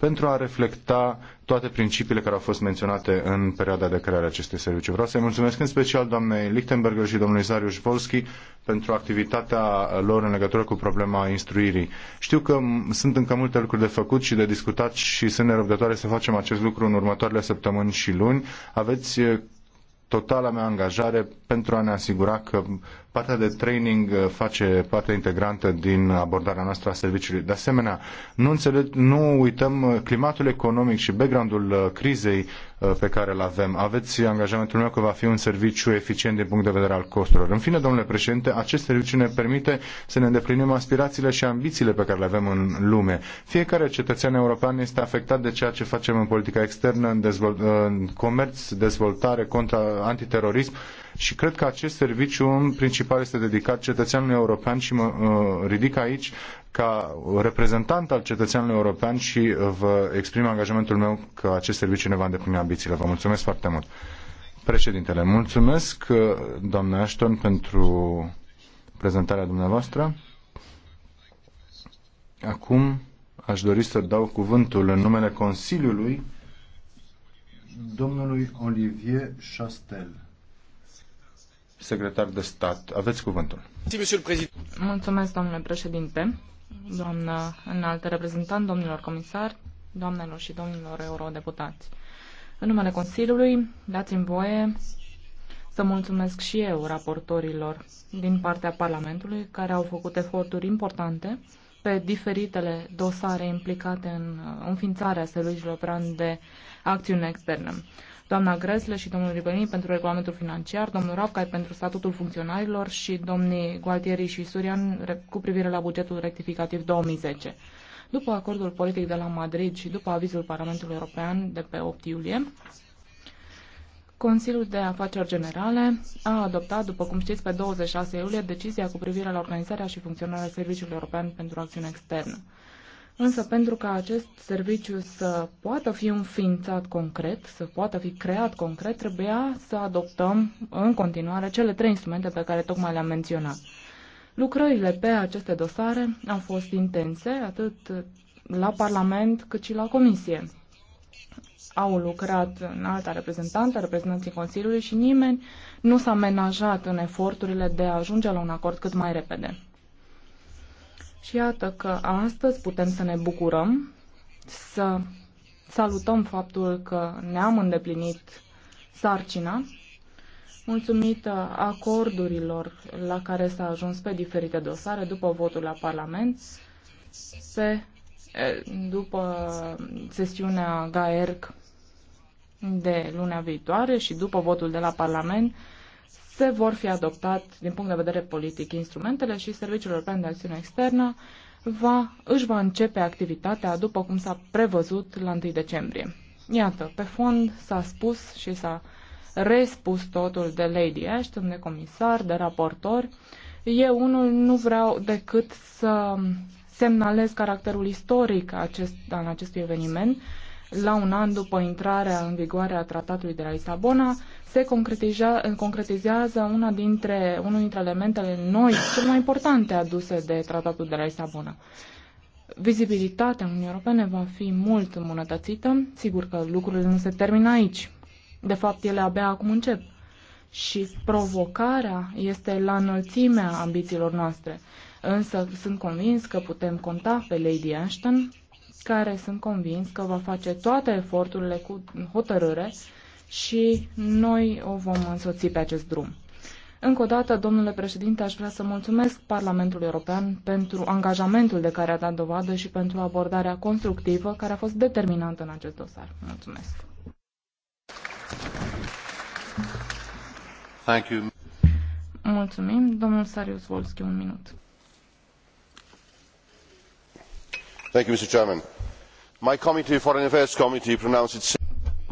pentru a reflecta toate principiile care au fost menționate în perioada de creare a acestui serviciu. Vreau să-i mulțumesc în special doamnei Lichtenberger și domnului Zariu Volski pentru activitatea lor în legătură cu problema instruirii. Știu că sunt încă multe lucruri de făcut și de discutat și sunt nerăbdătoare să facem acest lucru în următoarele săptămâni și luni. Aveți eh, totala mea angajare pentru a ne asigura că partea de training uh, face parte integrantă din abordarea noastră a serviciului. De asemenea, nu, înțeleg, nu uităm uh, climatul economic și background-ul uh, crizei pe care îl avem. Aveți angajamentul meu că va fi un serviciu eficient din punct de vedere al costurilor. În fine, domnule președinte, acest serviciu ne permite să ne îndeplinim aspirațiile și ambițiile pe care le avem în lume. Fiecare cetățean european este afectat de ceea ce facem în politica externă, în, dezvol- în comerț, dezvoltare, contra antiterorism și cred că acest serviciu în principal este dedicat cetățeanului european și mă uh, ridic aici ca reprezentant al cetățeanului european și vă exprim angajamentul meu că acest serviciu ne va îndeplini ambițiile. Vă mulțumesc foarte mult. Președintele, mulțumesc, uh, doamne Ashton, pentru prezentarea dumneavoastră. Acum aș dori să dau cuvântul în numele Consiliului domnului Olivier Chastel secretar de stat. Aveți cuvântul. Mulțumesc, domnule președinte, doamnă înaltă reprezentant, domnilor comisari, doamnelor și domnilor eurodeputați. În numele Consiliului, dați-mi voie să mulțumesc și eu raportorilor din partea Parlamentului care au făcut eforturi importante pe diferitele dosare implicate în înființarea serviciilor plan de acțiune externă doamna Gresle și domnul Ribelin pentru regulamentul financiar, domnul Rapcai pentru statutul funcționarilor și domnii Gualtieri și Surian cu privire la bugetul rectificativ 2010. După acordul politic de la Madrid și după avizul Parlamentului European de pe 8 iulie, Consiliul de Afaceri Generale a adoptat, după cum știți, pe 26 iulie decizia cu privire la organizarea și funcționarea Serviciului European pentru Acțiune Externă. Însă pentru ca acest serviciu să poată fi înființat concret, să poată fi creat concret, trebuia să adoptăm în continuare cele trei instrumente pe care tocmai le-am menționat. Lucrările pe aceste dosare au fost intense, atât la Parlament cât și la Comisie. Au lucrat în alta reprezentantă, reprezentanții Consiliului și nimeni nu s-a menajat în eforturile de a ajunge la un acord cât mai repede. Și iată că astăzi putem să ne bucurăm, să salutăm faptul că ne-am îndeplinit sarcina, mulțumită acordurilor la care s-a ajuns pe diferite dosare după votul la Parlament, pe, după sesiunea GAERC de luna viitoare și după votul de la Parlament, se vor fi adoptat din punct de vedere politic instrumentele și Serviciul European de Acțiune Externă va, își va începe activitatea după cum s-a prevăzut la 1 decembrie. Iată, pe fond s-a spus și s-a respus totul de Lady Ashton, de comisar, de raportor. Eu unul nu vreau decât să semnalez caracterul istoric acest, al acestui eveniment la un an după intrarea în vigoare a Tratatului de la Lisabona se concretizează una dintre, unul dintre elementele noi, cel mai importante aduse de Tratatul de la Lisabona. Vizibilitatea Uniunii Europene va fi mult îmbunătățită. Sigur că lucrurile nu se termină aici. De fapt, ele abia acum încep. Și provocarea este la înălțimea ambițiilor noastre. Însă sunt convins că putem conta pe Lady Ashton, care sunt convins că va face toate eforturile cu hotărâre și noi o vom însoți pe acest drum. Încă o dată, domnule președinte, aș vrea să mulțumesc Parlamentului European pentru angajamentul de care a dat dovadă și pentru abordarea constructivă care a fost determinantă în acest dosar. Mulțumesc! Thank you. Mulțumim. Domnul Sarius Volski, un minut. Thank you, Mr. Chairman. My committee, Foreign Affairs Committee, pronounced its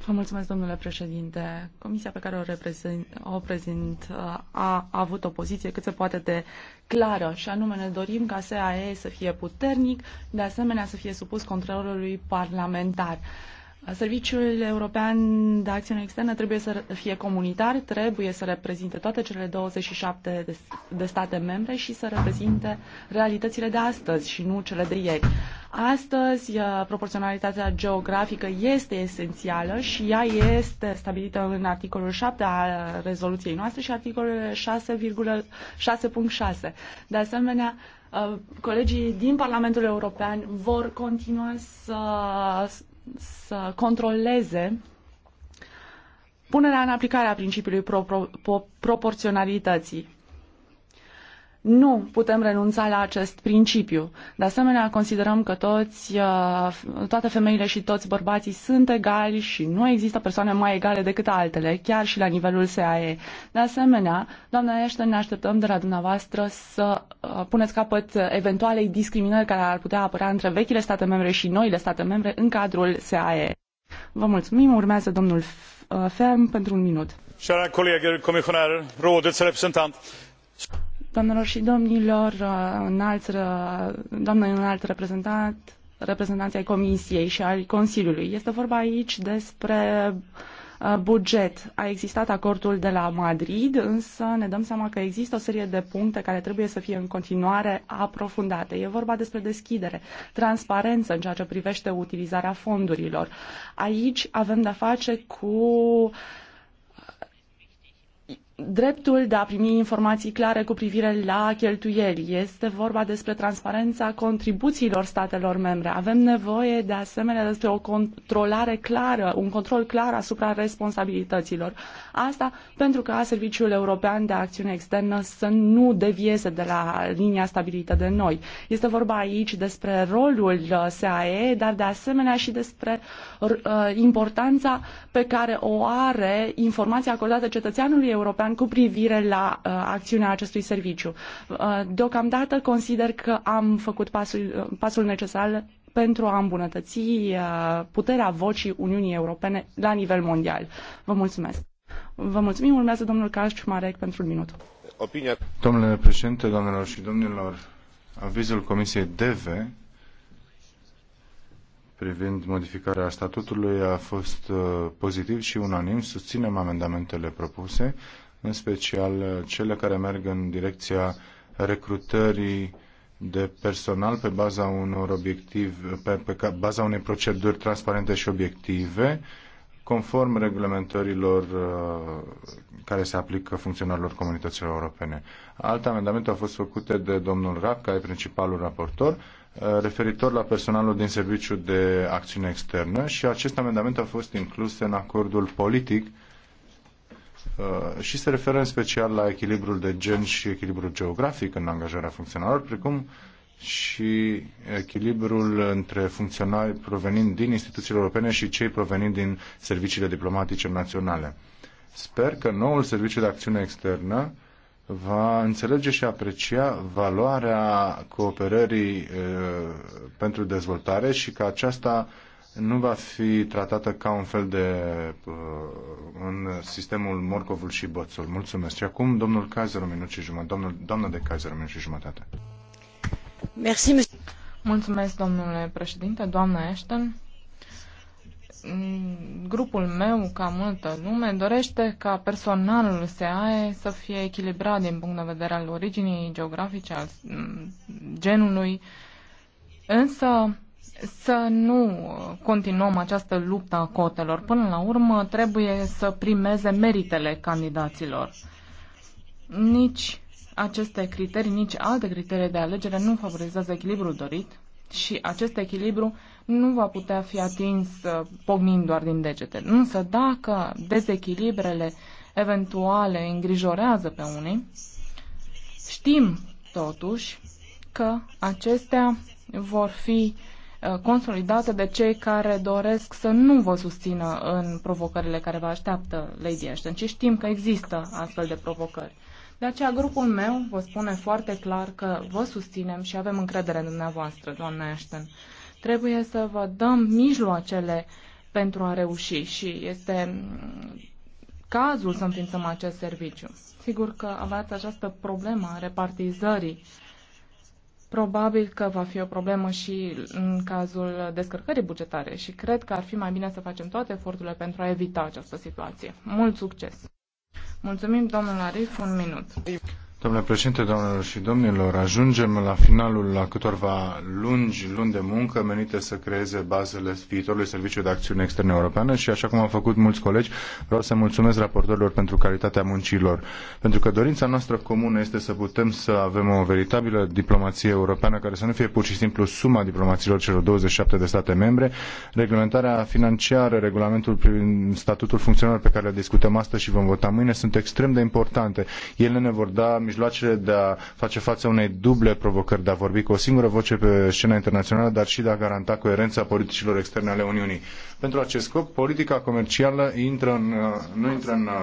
Vă mulțumesc, domnule președinte. Comisia pe care o, reprezint, o prezint uh, a avut o poziție cât se poate de clară și anume ne dorim ca SAE să fie puternic, de asemenea să fie supus controlului parlamentar. Serviciul European de Acțiune Externă trebuie să fie comunitar, trebuie să reprezinte toate cele 27 de state membre și să reprezinte realitățile de astăzi și nu cele de ieri. Astăzi, uh, proporționalitatea geografică este esențială și ea este stabilită în articolul 7 a rezoluției noastre și articolul 6,6.6. De asemenea, uh, colegii din Parlamentul European vor continua să să controleze punerea în aplicare a principiului pro, pro, pro, proporționalității. Nu putem renunța la acest principiu. De asemenea, considerăm că toți, uh, toate femeile și toți bărbații sunt egali și nu există persoane mai egale decât altele, chiar și la nivelul SAE. De asemenea, doamna Ește, ne așteptăm de la dumneavoastră să uh, puneți capăt eventualei discriminări care ar putea apărea între vechile state membre și noile state membre în cadrul SAE. Vă mulțumim, urmează domnul uh, Ferm pentru un minut. Chers colegi, comisionar, rådets reprezentant. Doamnelor și domnilor, uh, înalt, uh, doamnă înalt reprezentant, reprezentanții ai Comisiei și al Consiliului. Este vorba aici despre uh, buget. A existat acordul de la Madrid, însă ne dăm seama că există o serie de puncte care trebuie să fie în continuare aprofundate. E vorba despre deschidere, transparență în ceea ce privește utilizarea fondurilor. Aici avem de-a face cu uh, dreptul de a primi informații clare cu privire la cheltuieli. Este vorba despre transparența contribuțiilor statelor membre. Avem nevoie de asemenea despre o controlare clară, un control clar asupra responsabilităților. Asta pentru ca Serviciul European de Acțiune Externă să nu devieze de la linia stabilită de noi. Este vorba aici despre rolul SAE, dar de asemenea și despre uh, importanța pe care o are informația acordată cetățeanului european European cu privire la uh, acțiunea acestui serviciu. Uh, deocamdată consider că am făcut pasul, uh, pasul necesar pentru a îmbunătăți uh, puterea vocii Uniunii Europene la nivel mondial. Vă mulțumesc. Vă mulțumim. Urmează domnul Caș Marec pentru un minut. Opinia. Domnule președinte, doamnelor și domnilor, avizul Comisiei DEVE privind modificarea statutului a fost uh, pozitiv și unanim. Susținem amendamentele propuse în special cele care merg în direcția recrutării de personal pe baza unor obiectiv, pe, pe baza unei proceduri transparente și obiective, conform reglementărilor uh, care se aplică funcționarilor comunităților europene. Alte amendamente au fost făcute de domnul Rac, care e principalul raportor, uh, referitor la personalul din serviciul de acțiune externă și aceste amendamente au fost incluse în acordul politic Uh, și se referă în special la echilibrul de gen și echilibrul geografic în angajarea funcționarilor, precum și echilibrul între funcționari provenind din instituțiile europene și cei provenind din serviciile diplomatice naționale. Sper că noul serviciu de acțiune externă va înțelege și aprecia valoarea cooperării uh, pentru dezvoltare și că aceasta nu va fi tratată ca un fel de uh, în sistemul morcovul și bățul. Mulțumesc. Și acum domnul Kaiser, un minut și jumătate. Domnul, doamna de Kaiser, un minut și jumătate. Merci, Mulțumesc, domnule președinte, doamna Ashton grupul meu, ca multă lume, dorește ca personalul SEAE să fie echilibrat din punct de vedere al originii geografice, al mm, genului, însă să nu uh, continuăm această luptă a cotelor. Până la urmă, trebuie să primeze meritele candidaților. Nici aceste criterii, nici alte criterii de alegere nu favorizează echilibrul dorit și acest echilibru nu va putea fi atins uh, pognind doar din degete. Însă dacă dezechilibrele eventuale îngrijorează pe unii, știm totuși că acestea vor fi Uh, consolidată de cei care doresc să nu vă susțină în provocările care vă așteaptă, Lady Ashton, ci știm că există astfel de provocări. De aceea, grupul meu vă spune foarte clar că vă susținem și avem încredere în dumneavoastră, doamna Ashton. Trebuie să vă dăm mijloacele pentru a reuși și este mm, cazul să înființăm acest serviciu. Sigur că aveați această problemă a repartizării uh, Probabil că va fi o problemă și în cazul descărcării bugetare și cred că ar fi mai bine să facem toate eforturile pentru a evita această situație. Mult succes! Mulțumim, domnul Arif, un minut. Domnule președinte, domnilor și domnilor, ajungem la finalul la câtorva lungi luni de muncă menite să creeze bazele viitorului Serviciu de Acțiune Externe Europeană și așa cum au făcut mulți colegi, vreau să mulțumesc raportorilor pentru calitatea muncilor, pentru că dorința noastră comună este să putem să avem o veritabilă diplomație europeană care să nu fie pur și simplu suma diplomațiilor celor 27 de state membre, reglementarea financiară, regulamentul prin statutul funcțional pe care le discutăm astăzi și vom vota mâine sunt extrem de importante. Ele ne vor da mijloacele de a face față unei duble provocări, de a vorbi cu o singură voce pe scena internațională, dar și de a garanta coerența politicilor externe ale Uniunii. Pentru acest scop, politica comercială intră în, uh, nu intră în uh,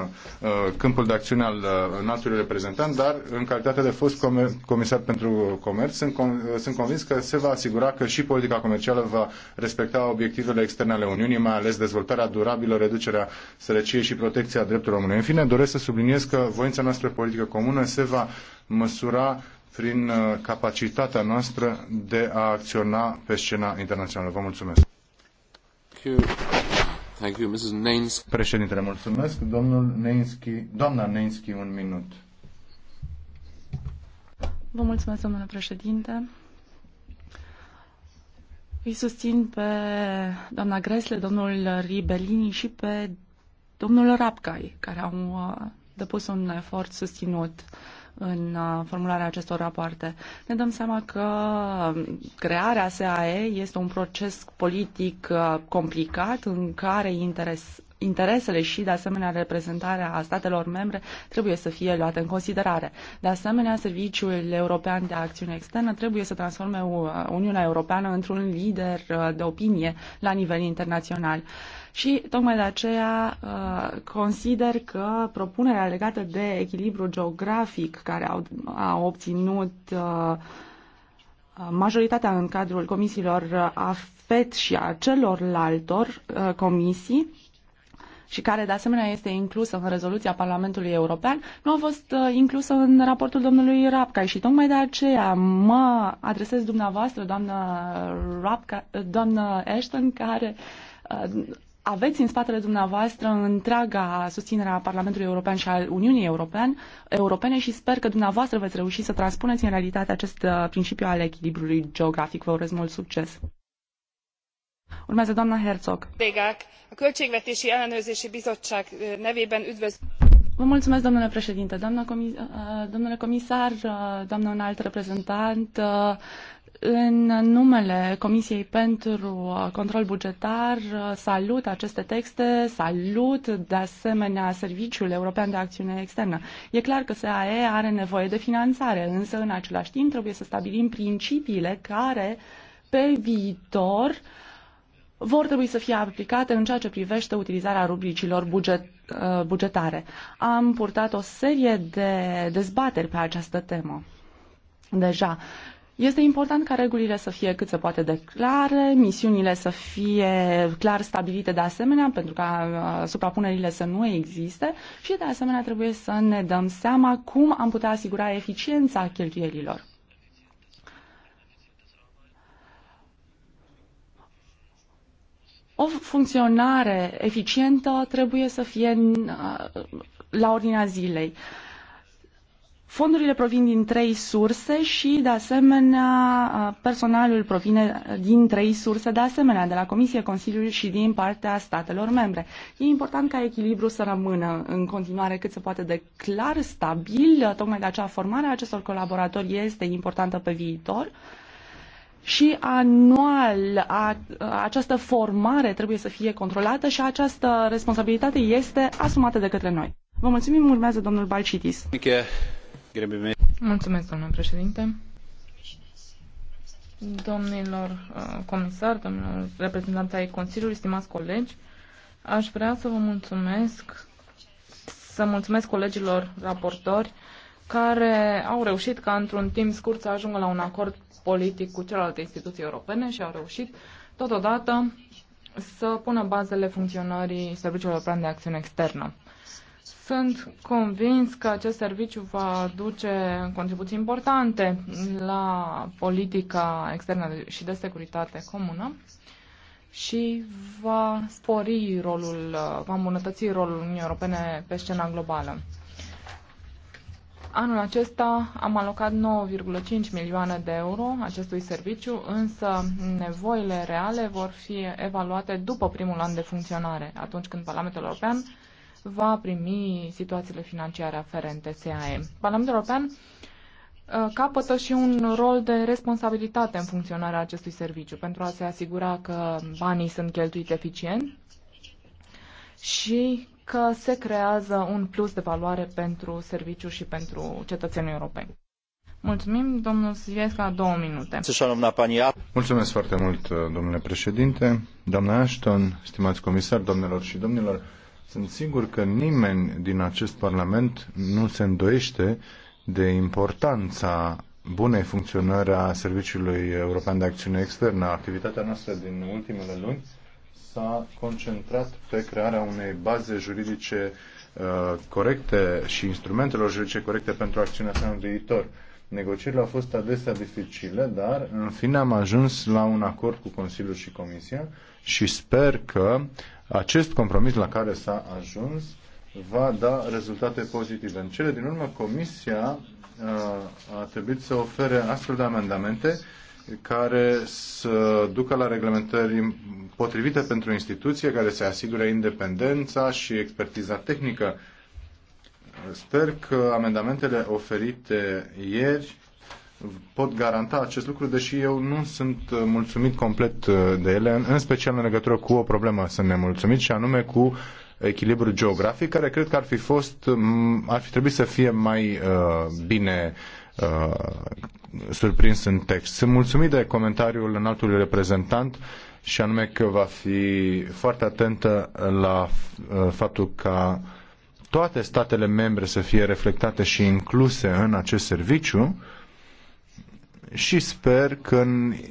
uh, câmpul de acțiune al înaltului reprezentant, dar în calitate de fost comisar pentru comerț, sunt, sunt convins că se va asigura că și politica comercială va respecta obiectivele externe ale Uniunii, mai ales dezvoltarea durabilă, reducerea sărăciei și protecția drepturilor omului. În fine, doresc să subliniez că voința noastră politică comună se va măsura prin capacitatea noastră de a acționa pe scena internațională. Vă mulțumesc! you. Thank you, Mrs. Președintele, mulțumesc. Domnul Neinski, doamna Neinski, un minut. Vă mulțumesc, domnule președinte. Îi susțin pe doamna Gresle, domnul Ribelini și pe domnul Rapcai, care au uh, depus un efort susținut în uh, formularea acestor rapoarte. Ne dăm seama că crearea SAE este un proces politic uh, complicat în care interes, interesele și, de asemenea, reprezentarea a statelor membre trebuie să fie luate în considerare. De asemenea, Serviciul European de Acțiune Externă trebuie să transforme Uniunea Europeană într-un lider uh, de opinie la nivel internațional. Și tocmai de aceea uh, consider că propunerea legată de echilibru geografic care a obținut uh, majoritatea în cadrul comisiilor AFET și a celorlaltor comisii și care de asemenea este inclusă în rezoluția Parlamentului European, nu a fost uh, inclusă în raportul domnului Rapca. și tocmai de aceea mă adresez dumneavoastră, doamnă, Rapka, doamnă Ashton, care uh, aveți în spatele dumneavoastră întreaga susținere a Parlamentului European și a Uniunii European, Europene și sper că dumneavoastră veți reuși să transpuneți în realitate acest uh, principiu al echilibrului geografic. Vă urez mult succes! Urmează doamna Herzog. A Költségvetési Ellenőrzési Bizottság eh, nevében üdvözlöm. Vă mulțumesc, domnule președinte, doamna comis- eh, domnule comisar, eh, doamna înalt reprezentant. În numele Comisiei pentru Control Bugetar salut aceste texte, salut de asemenea Serviciul European de Acțiune Externă. E clar că SAE are nevoie de finanțare, însă în același timp trebuie să stabilim principiile care pe viitor uh, vor trebui să fie aplicate în ceea ce privește utilizarea rubricilor buget, uh, bugetare. Am purtat o serie de dezbateri pe această temă. Deja, este important ca regulile să fie cât se poate de clare, misiunile să fie clar stabilite de asemenea, pentru ca uh, suprapunerile să nu existe și de asemenea trebuie să ne dăm seama cum am putea asigura eficiența cheltuielilor. O funcționare eficientă trebuie să fie uh, la ordinea zilei. Fondurile provin din trei surse și, de asemenea, uh, personalul provine din trei surse, de asemenea, de la Comisie, Consiliul și din partea statelor membre. E important ca echilibru să rămână în continuare cât se poate de clar, stabil, tocmai de aceea formarea acestor colaboratori este importantă pe viitor. Uh, și anual a, această formare trebuie să fie controlată și această responsabilitate este asumată de către noi. Vă mulțumim, urmează domnul Balcitis. Mulțumesc, domnule președinte. Domnilor uh, comisar, comisari, domnilor reprezentanți ai Consiliului, stimați colegi, aș vrea să vă mulțumesc, să mulțumesc colegilor raportori care au reușit ca într-un timp scurt să ajungă la un acord politic cu celelalte instituții europene și au reușit totodată să pună bazele funcționării Serviciului European de Acțiune Externă. Sunt convins că acest serviciu va aduce contribuții importante la politica externă și de securitate comună și va spori rolul, va îmbunătăți rolul Uniunii Europene pe scena globală. Anul acesta am alocat 9,5 milioane de euro acestui serviciu, însă nevoile reale vor fi evaluate după primul an de funcționare, atunci când Parlamentul European va primi situațiile financiare aferente SAE. Parlamentul European ă, capătă și un rol de responsabilitate în funcționarea acestui serviciu pentru a se asigura că banii sunt cheltuiți eficient și că se creează un plus de valoare pentru serviciu și pentru cetățenii europeni. Mulțumim, domnul la două minute. Mulțumesc foarte mult, domnule președinte, doamna Ashton, stimați comisari, domnilor și domnilor. Sunt sigur că nimeni din acest Parlament nu se îndoiește de importanța bunei funcționări a Serviciului European de Acțiune Externă. Activitatea noastră din ultimele luni s-a concentrat pe crearea unei baze juridice uh, corecte și instrumentelor juridice corecte pentru acțiunea sa în viitor. Negocierile au fost adesea dificile, dar în fine am ajuns la un acord cu Consiliul și Comisia și sper că acest compromis la care s-a ajuns va da rezultate pozitive. În cele din urmă, Comisia uh, a trebuit să ofere astfel de amendamente care să ducă la reglementări potrivite pentru instituție, care să asigure independența și expertiza tehnică. Sper că amendamentele oferite ieri pot garanta acest lucru, deși eu nu sunt mulțumit complet de ele, în special în legătură cu o problemă sunt nemulțumit și anume cu echilibru geografic, care cred că ar fi fost, ar fi trebuit să fie mai uh, bine uh, surprins în text. Sunt mulțumit de comentariul înaltului reprezentant și anume că va fi foarte atentă la uh, faptul ca toate statele membre să fie reflectate și incluse în acest serviciu și sper că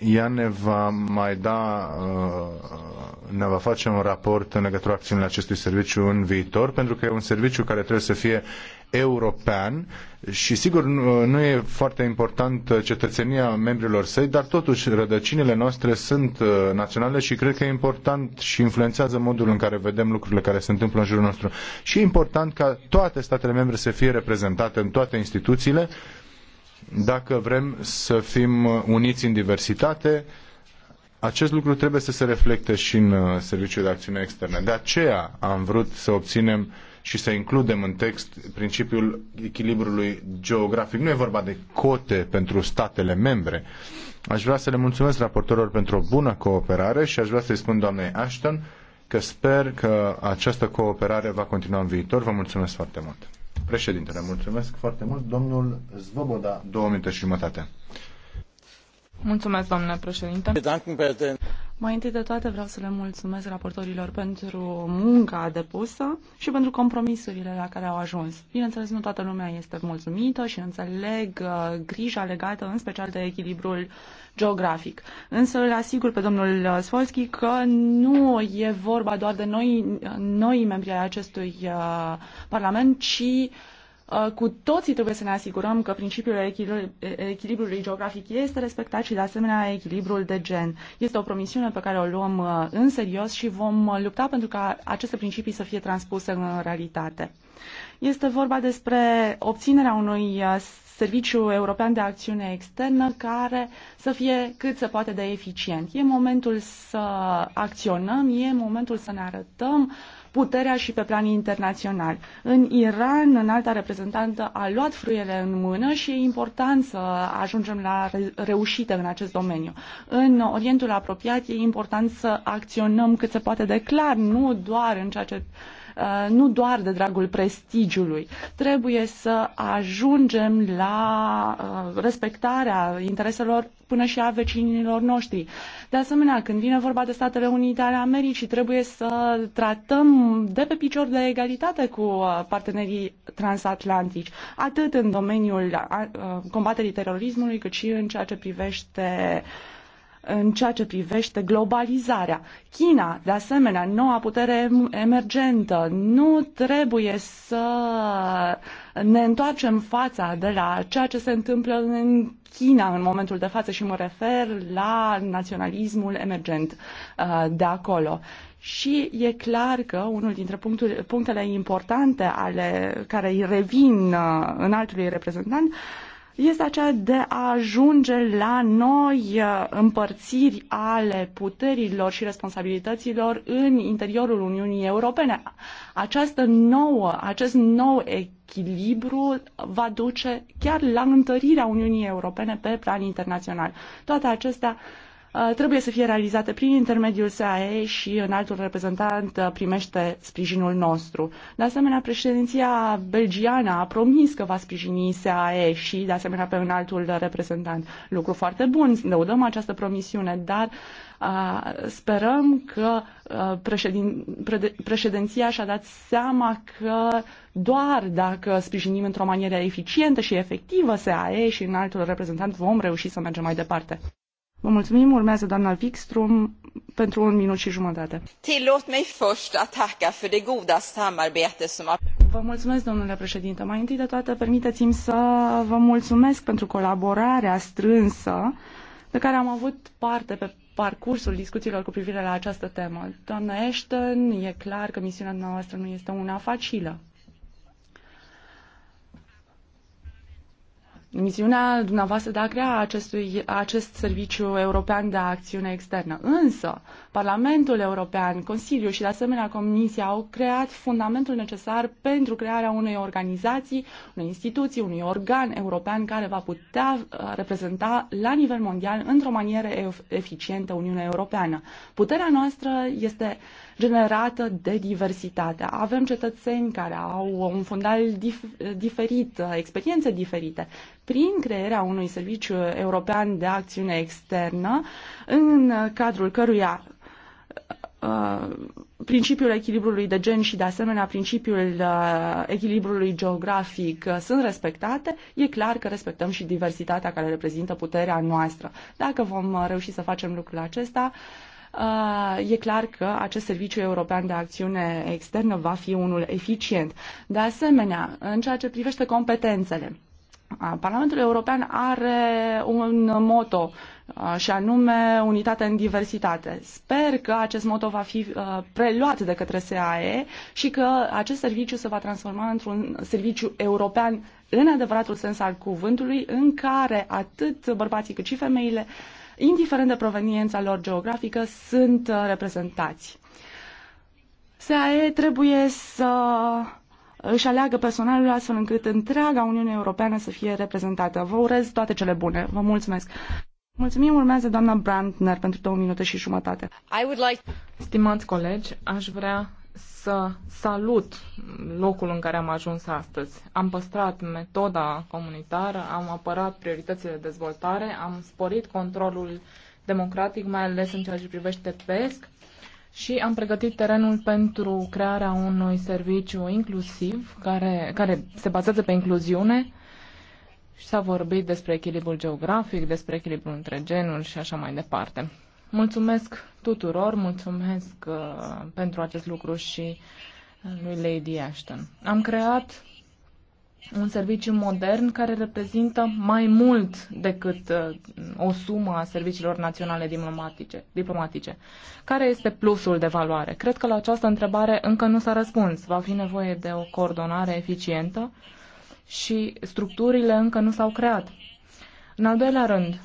ea ne va mai da uh, ne va face un raport în legătură cu acțiunile acestui serviciu în viitor, pentru că e un serviciu care trebuie să fie european și sigur nu e foarte important cetățenia membrilor săi, dar totuși rădăcinile noastre sunt uh, naționale și cred că e important și influențează modul în care vedem lucrurile care se întâmplă în jurul nostru. Și e important ca toate statele membre să fie reprezentate în toate instituțiile dacă vrem să fim uniți în diversitate acest lucru trebuie să se reflecte și în uh, Serviciul de Acțiune Externă. De aceea am vrut să obținem și să includem în text principiul echilibrului geografic. Nu e vorba de cote pentru statele membre. Aș vrea să le mulțumesc raportorilor pentru o bună cooperare și aș vrea să-i spun doamnei Ashton că sper că această cooperare va continua în viitor. Vă mulțumesc foarte mult. Președintele, mulțumesc foarte mult. Domnul Zvoboda, două minute și jumătate. Mulțumesc, domnule Mai întâi de toate vreau să le mulțumesc raportorilor pentru munca depusă și pentru compromisurile la care au ajuns. Bineînțeles, nu toată lumea este mulțumită și înțeleg uh, grija legată în special de echilibrul geografic. Însă îl asigur pe domnul uh, Svolski că nu e vorba doar de noi, noi membri ai acestui uh, Parlament, ci Uh, cu toții trebuie să ne asigurăm că principiul echilibrului geografic este respectat și, de asemenea, echilibrul de gen. Este o promisiune pe care o luăm uh, în serios și vom uh, lupta pentru ca aceste principii să fie transpuse în realitate. Este vorba despre obținerea unui serviciu european de acțiune externă care să fie cât se poate de eficient. E momentul să acționăm, e momentul să ne arătăm uh, puterea și pe plan internațional. În Iran, înalta reprezentantă a luat fruiele în mână și e important să ajungem la reușită în acest domeniu. În Orientul apropiat e important să acționăm cât se poate de clar, nu doar în ceea ce Uh, nu doar de dragul prestigiului. Trebuie să ajungem la uh, respectarea intereselor până și a vecinilor noștri. De asemenea, când vine vorba de Statele Unite ale Americii, trebuie să tratăm de pe picior de egalitate cu uh, partenerii transatlantici, atât în domeniul combaterii terorismului, cât și în ceea ce privește uh, în ceea ce privește globalizarea. China, de asemenea, noua putere emergentă, nu trebuie să ne întoarcem fața de la ceea ce se întâmplă în China în momentul de față și mă refer la naționalismul emergent uh, de acolo. Și e clar că unul dintre punctele importante ale care îi revin uh, în altului reprezentant este aceea de a ajunge la noi uh, împărțiri ale puterilor și responsabilităților în interiorul Uniunii Europene. Această nouă, acest nou echilibru va duce chiar la întărirea Uniunii Europene pe plan internațional. Toate acestea uh, Uh, trebuie să fie realizate prin intermediul SAE și altul reprezentant uh, primește sprijinul nostru. De asemenea, președinția belgiană a promis că va sprijini SAE și, de asemenea, pe altul reprezentant. Lucru foarte bun, udăm această promisiune, dar uh, sperăm că președin, președinția și-a dat seama că doar dacă sprijinim într-o manieră eficientă și efectivă SAE și în altul reprezentant vom reuși să mergem mai departe. Vă mulțumim, urmează doamna Wikström pentru un minut și jumătate. Tillåt mig först att tacka för det goda samarbete som har... Vă mulțumesc, domnule președinte. Mai întâi de toate, permiteți-mi să vă mulțumesc pentru colaborarea strânsă de care am avut parte pe parcursul discuțiilor cu privire la această temă. Doamna Ashton, e clar că misiunea noastră nu este una facilă. misiunea dumneavoastră de a crea acestui, acest serviciu european de acțiune externă. Însă, Parlamentul European, Consiliul și, de asemenea, Comisia au creat fundamentul necesar pentru crearea unei organizații, unei instituții, unui organ european care va putea uh, reprezenta la nivel mondial, într-o manieră eficientă, Uniunea Europeană. Puterea noastră este uh, generată de diversitate. Avem cetățeni care au un fundal dif- diferit, experiențe diferite. Prin crearea unui serviciu european de acțiune externă, în cadrul căruia uh, principiul echilibrului de gen și de asemenea principiul uh, echilibrului geografic uh, sunt respectate, e clar că respectăm și diversitatea care reprezintă puterea noastră. Dacă vom reuși să facem lucrul acesta, Ah, e clar că acest serviciu european de acțiune externă va fi unul eficient. De asemenea, în ceea ce privește competențele, ah, Parlamentul European are un moto ah, și anume unitate în diversitate. Sper că acest moto va fi preluat de către SAE și că acest serviciu se va transforma într-un serviciu european în adevăratul sens al cuvântului, în care atât bărbații cât și femeile uh, indiferent de proveniența lor geografică, sunt uh, reprezentați. SAE trebuie să își aleagă personalul astfel încât întreaga Uniune Europeană să fie reprezentată. Vă urez toate cele bune. Vă mulțumesc. Mulțumim, urmează doamna Brandner pentru două minute și jumătate. I would like... Stimați colegi, aș vrea să salut locul în care am ajuns astăzi. Am păstrat metoda comunitară, am apărat prioritățile de dezvoltare, am sporit controlul democratic, mai ales în ceea ce privește PESC și am pregătit terenul pentru crearea unui serviciu inclusiv care, care se bazează pe incluziune și s-a vorbit despre echilibrul geografic, despre echilibrul între genuri și așa mai departe. Mulțumesc tuturor, mulțumesc uh, pentru acest lucru și uh, lui Lady Ashton. Am creat un serviciu modern care reprezintă mai mult decât uh, o sumă a serviciilor naționale diplomatice, diplomatice. Care este plusul de valoare? Cred că la această întrebare încă nu s-a răspuns. Va fi nevoie de o coordonare eficientă și structurile încă nu s-au creat. În al doilea rând,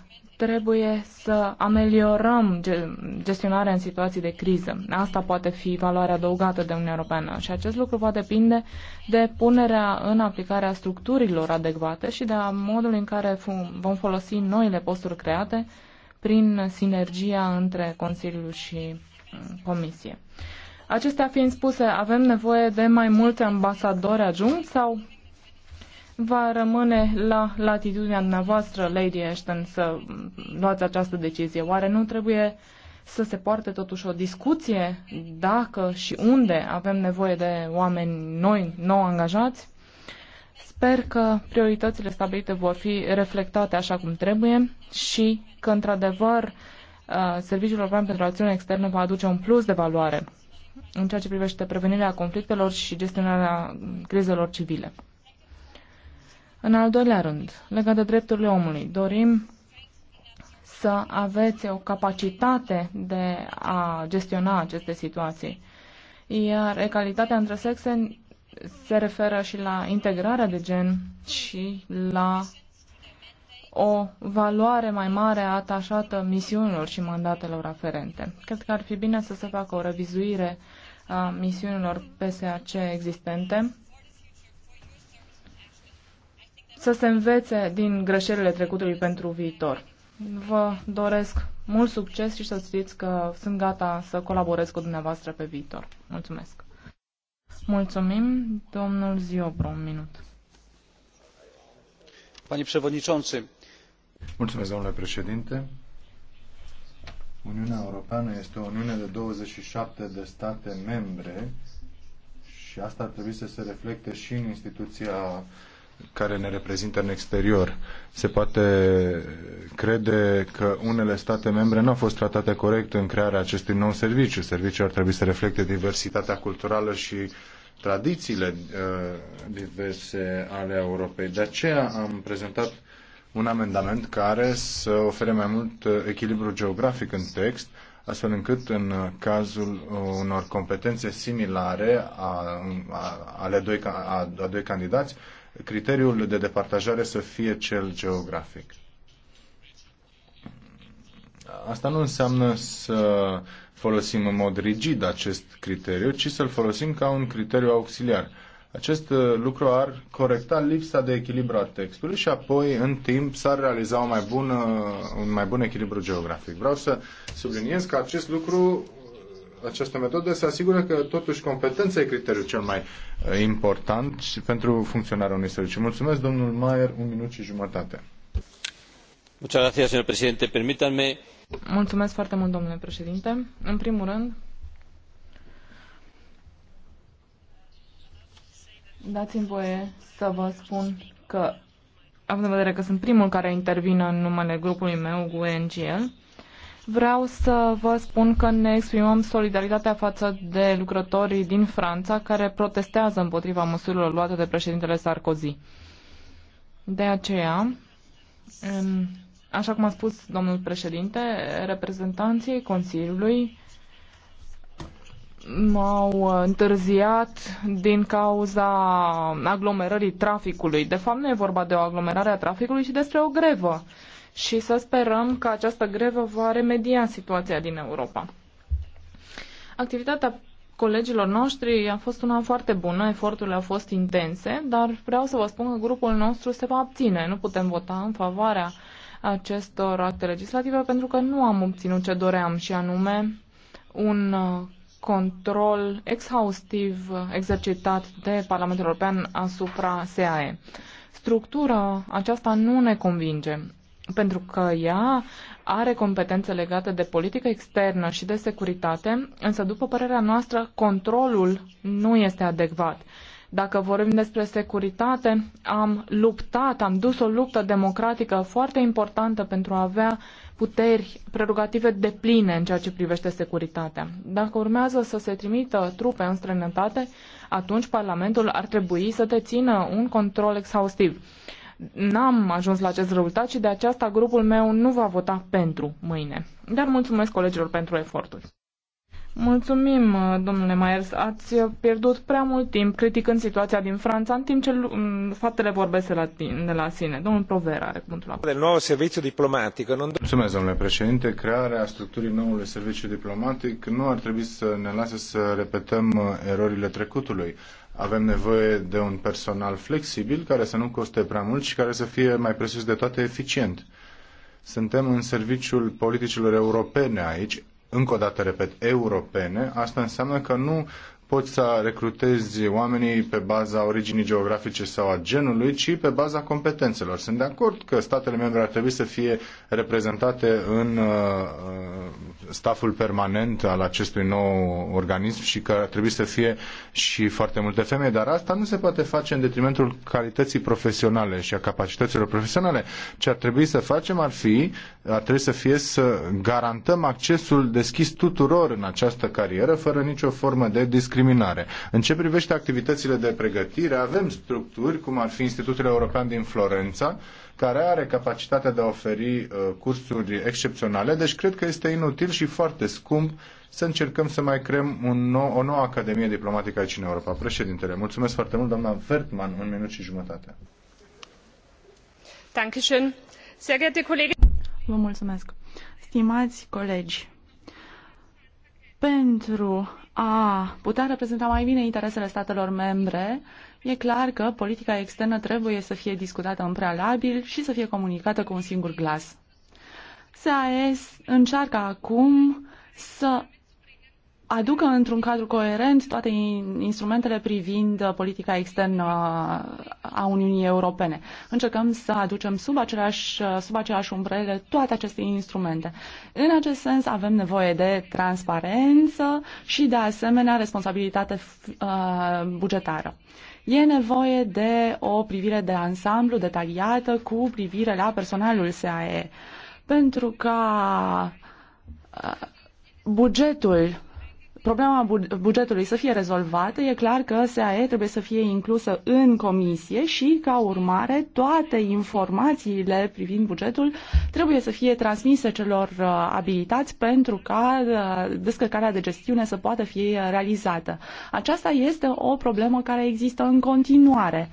trebuie să ameliorăm gestionarea în situații de criză. Asta poate fi valoarea adăugată de Uniunea Europeană și acest lucru va depinde de punerea în aplicare a structurilor adecvate și de a modul în care vom folosi noile posturi create prin sinergia între Consiliu și mm, Comisie. Acestea fiind spuse, avem nevoie de mai mulți ambasadori ajungi sau va rămâne la latitudinea dumneavoastră, Lady Ashton, să luați această decizie. Oare nu trebuie să se poarte totuși o discuție dacă și unde avem nevoie de oameni noi, nou angajați? Sper că prioritățile stabilite vor fi reflectate așa cum trebuie și că, într-adevăr, uh, Serviciul European pentru Acțiune Externă va aduce un plus de valoare în ceea ce privește prevenirea conflictelor și gestionarea crizelor civile. În al doilea rând, legat de drepturile omului, dorim să aveți o capacitate de a gestiona aceste situații. Iar egalitatea între sexe se referă și la integrarea de gen și la o valoare mai mare atașată misiunilor și mandatelor aferente. Cred că ar fi bine să se facă o revizuire a misiunilor PSAC existente să se învețe din greșelile trecutului pentru viitor. Vă doresc mult succes și să știți că sunt gata să colaborez cu dumneavoastră pe viitor. Mulțumesc! Mulțumim, domnul Ziobro, un minut. pani Przewodniczący. Mulțumesc, domnule președinte. Uniunea Europeană este o uniune de 27 de state membre și asta ar trebui să se reflecte și în instituția care ne reprezintă în exterior. Se poate crede că unele state membre nu au fost tratate corect în crearea acestui nou serviciu. Serviciul ar trebui să reflecte diversitatea culturală și tradițiile uh, diverse ale Europei. De aceea am prezentat un amendament care să ofere mai mult uh, echilibru geografic în text, astfel încât în cazul unor competențe similare a, a, ale doi, a, a doi candidați criteriul de departajare să fie cel geografic. Asta nu înseamnă să folosim în mod rigid acest criteriu, ci să-l folosim ca un criteriu auxiliar. Acest uh, lucru ar corecta lipsa de echilibru a textului și apoi, în timp, s-ar realiza o mai bună, un mai bun echilibru geografic. Vreau să subliniez că acest lucru această metodă se asigură că totuși competența e criteriul cel mai eh, important pentru funcționarea unui serviciu. Mulțumesc, domnul Maier, un minut și jumătate. Mulțumesc foarte mult, domnule președinte. În primul rând, dați-mi voie să vă spun că, având în vedere că sunt primul care intervine în numele grupului meu, GUE-NGL, Vreau să vă spun că ne exprimăm solidaritatea față de lucrătorii din Franța care protestează împotriva măsurilor luate de președintele Sarkozy. De aceea, în, așa cum a spus domnul președinte, reprezentanții Consiliului m-au întârziat din cauza aglomerării traficului. De fapt, nu e vorba de o aglomerare a traficului, ci despre o grevă și să sperăm că această grevă va remedia situația din Europa. Activitatea colegilor noștri a fost una foarte bună, eforturile au fost intense, dar vreau să vă spun că grupul nostru se va abține. Nu putem vota în favoarea acestor acte legislative pentru că nu am obținut ce doream și anume un uh, control exhaustiv exercitat de Parlamentul European asupra SAE. Structura aceasta nu ne convinge pentru că ea are competențe legate de politică externă și de securitate, însă, după părerea noastră, controlul nu este adecvat. Dacă vorbim despre securitate, am luptat, am dus o luptă democratică foarte importantă pentru a avea puteri, prerogative de pline în ceea ce privește securitatea. Dacă urmează să se trimită trupe în străinătate, atunci Parlamentul ar trebui să dețină un control exhaustiv. N-am ajuns la acest rezultat și de aceasta grupul meu nu va vota pentru mâine. Dar mulțumesc colegilor pentru eforturi. Mulțumim, domnule Maiers. Ați pierdut prea mult timp criticând situația din Franța, în timp ce faptele vorbesc de la, de la sine. Domnul Provera are cuvântul acum. Del nou serviciu diplomatic. Nu... Mulțumesc, domnule președinte. Crearea structurii noului serviciu diplomatic nu ar trebui să ne lase să repetăm uh, erorile trecutului. Avem nevoie de un personal flexibil care să nu coste prea mult și care să fie mai presus de toate eficient. Suntem în serviciul politicilor europene aici, încă o dată repet, europene, asta înseamnă că nu poți să recrutezi oamenii pe baza originii geografice sau a genului, ci pe baza competențelor. Sunt de acord că statele membre ar trebui să fie reprezentate în uh, uh, staful permanent al acestui nou organism și că ar trebui să fie și foarte multe femei, dar asta nu se poate face în detrimentul calității profesionale și a capacităților profesionale. Ce ar trebui să facem ar fi, ar trebui să fie să garantăm accesul deschis tuturor în această carieră, fără nicio formă de discriminare discriminare. În ce privește activitățile de pregătire, avem structuri, cum ar fi Institutul European din Florența, care are capacitatea de a oferi uh, cursuri excepționale, deci cred că este inutil și foarte scump să încercăm să mai creăm un nou, o nouă Academie Diplomatică aici în Europa. Președintele, mulțumesc foarte mult, doamna Vertman, un minut și jumătate. Vă mulțumesc. Stimați colegi, pentru a putea reprezenta mai bine interesele statelor membre, e clar că politica externă trebuie să fie discutată în prealabil și să fie comunicată cu un singur glas. SAS încearcă acum să aducă într-un cadru coerent toate instrumentele privind uh, politica externă uh, a Uniunii Europene. Încercăm să aducem sub aceleași, uh, sub aceleași umbrele toate aceste instrumente. În acest sens avem nevoie de transparență și de asemenea responsabilitate bugetară. E nevoie de o privire de ansamblu detaliată cu privire la personalul SAE, pentru că bugetul problema bugetului să fie rezolvată, e clar că SAE trebuie să fie inclusă în comisie și, ca urmare, toate informațiile privind bugetul trebuie să fie transmise celor uh, abilitați pentru ca uh, descărcarea de gestiune să poată fi realizată. Aceasta este o problemă care există în continuare.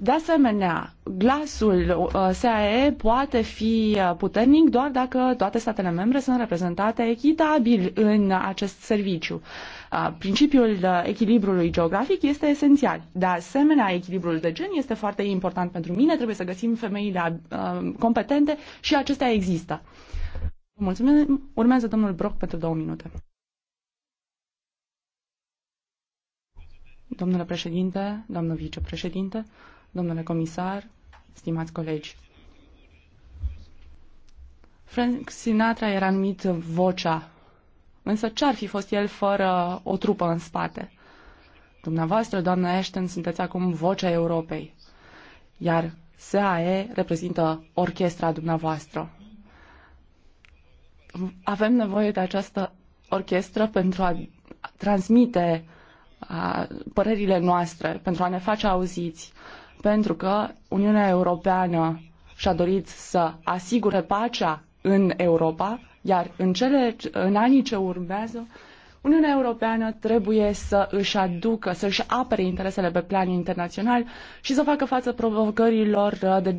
De asemenea, glasul uh, SAE poate fi uh, puternic doar dacă toate statele membre sunt reprezentate echitabil în acest serviciu. Uh, principiul echilibrului geografic este esențial. De asemenea, echilibrul de gen este foarte important pentru mine. Trebuie să găsim femeile competente și acestea există. Mulțumesc. Urmează domnul Brock pentru două minute. Domnule președinte, doamnă vicepreședinte, domnule comisar, stimați colegi. Frank Sinatra era numit vocea, însă ce-ar fi fost el fără o trupă în spate? Dumneavoastră, doamnă Ashton, sunteți acum vocea Europei, iar SAE reprezintă orchestra dumneavoastră. Avem nevoie de această orchestră pentru a transmite uh, părerile noastre, pentru a ne face auziți, pentru că Uniunea Europeană și-a dorit să asigure pacea în Europa, iar în, cele, în anii ce urmează, Uniunea Europeană trebuie să își aducă, să își apere interesele pe plan internațional și să facă față provocărilor uh, de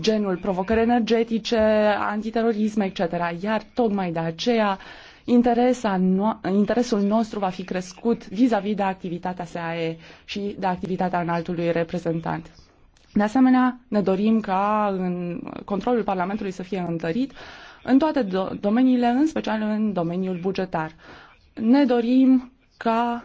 genul provocări energetice, antiterorism, etc. Iar tocmai de aceea interesul nostru va fi crescut vis-a-vis de activitatea SAE și de activitatea înaltului reprezentant. De asemenea, ne dorim ca în controlul Parlamentului să fie întărit în toate domeniile, în special în domeniul bugetar. Ne dorim ca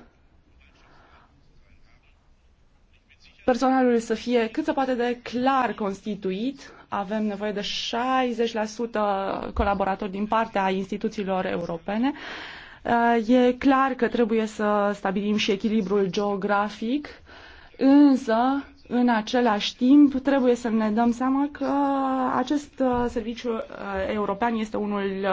personalul să fie cât se poate de clar constituit avem nevoie de 60% colaboratori din partea instituțiilor europene. Uh, e clar că trebuie să stabilim și echilibrul geografic, însă în același timp trebuie să ne dăm seama că acest uh, serviciu uh, european este unul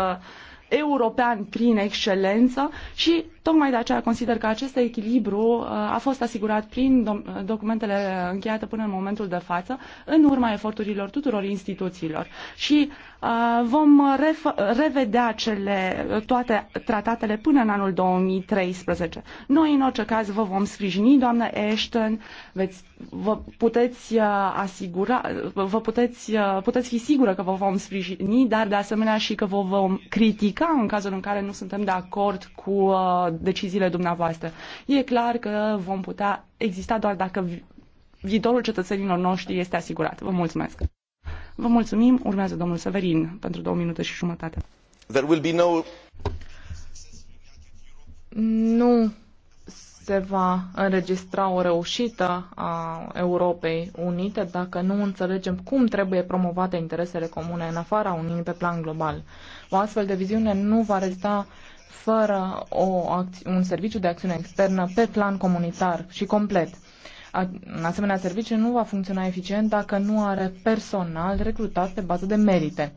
european prin excelență și Tocmai de aceea consider că acest echilibru uh, a fost asigurat prin documentele încheiate până în momentul de față, în urma eforturilor tuturor instituțiilor. Și uh, vom revedea cele, toate tratatele până în anul 2013. Noi, în orice caz, vă vom sprijini, doamnă Ashton, veți, vă puteți uh, asigura, vă puteți, puteți fi sigură că vă vom sprijini, dar de asemenea și că vă vom critica în cazul în care nu suntem de acord cu deciziile dumneavoastră. E clar că vom putea exista doar dacă viitorul cetățenilor noștri este asigurat. Vă mulțumesc. Vă mulțumim. Urmează domnul Severin pentru două minute și jumătate. There will be no... Nu se va înregistra o reușită a Europei Unite dacă nu înțelegem cum trebuie promovate interesele comune în afara Uniunii pe plan global. O astfel de viziune nu va rezista fără o, un serviciu de acțiune externă pe plan comunitar și complet. Un asemenea serviciu nu va funcționa eficient dacă nu are personal recrutat pe bază de merite.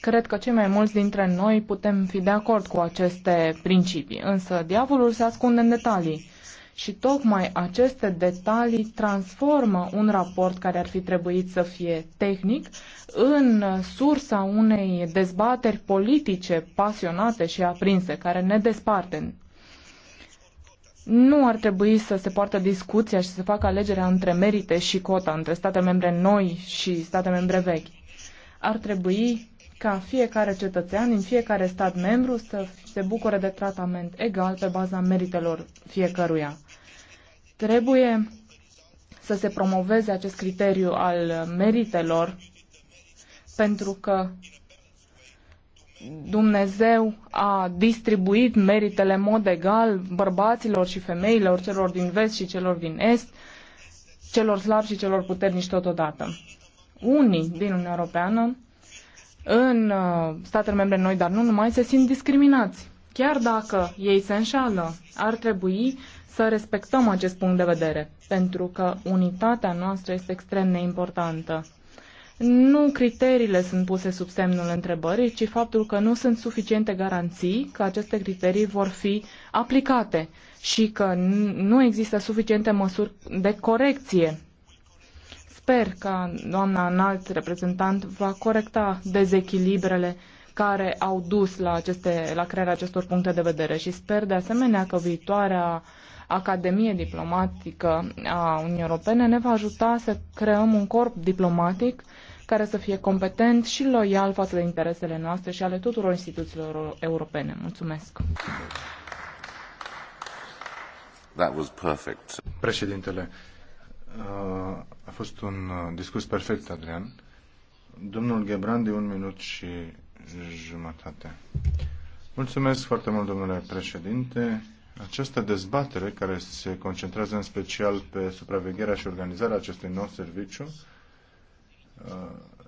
Cred că cei mai mulți dintre noi putem fi de acord cu aceste principii, însă diavolul se ascunde în detalii. Și tocmai aceste detalii transformă un raport care ar fi trebuit să fie tehnic în sursa unei dezbateri politice pasionate și aprinse, care ne desparte nu ar trebui să se poartă discuția și să se facă alegerea între merite și cota, între state membre noi și state membre vechi. Ar trebui ca fiecare cetățean în fiecare stat membru să se bucure de tratament egal pe baza meritelor fiecăruia. Trebuie să se promoveze acest criteriu al meritelor pentru că Dumnezeu a distribuit meritele în mod egal bărbaților și femeilor, celor din vest și celor din est, celor slabi și celor puternici totodată. Unii din Uniunea Europeană în uh, statele membre noi, dar nu numai, se simt discriminați. Chiar dacă ei se înșală, ar trebui să respectăm acest punct de vedere, pentru că unitatea noastră este extrem de importantă. Nu criteriile sunt puse sub semnul întrebării, ci faptul că nu sunt suficiente garanții că aceste criterii vor fi aplicate și că nu există suficiente măsuri de corecție Sper că doamna înalt reprezentant va corecta dezechilibrele care au dus la, aceste, la crearea acestor puncte de vedere și sper de asemenea că viitoarea Academie Diplomatică a Uniunii Europene ne va ajuta să creăm un corp diplomatic care să fie competent și loial față de interesele noastre și ale tuturor instituțiilor europene. Mulțumesc! That was perfect. Președintele, uh fost un uh, discurs perfect, Adrian. Domnul de un minut și jumătate. Mulțumesc foarte mult, domnule președinte. Această dezbatere, care se concentrează în special pe supravegherea și organizarea acestui nou serviciu, uh,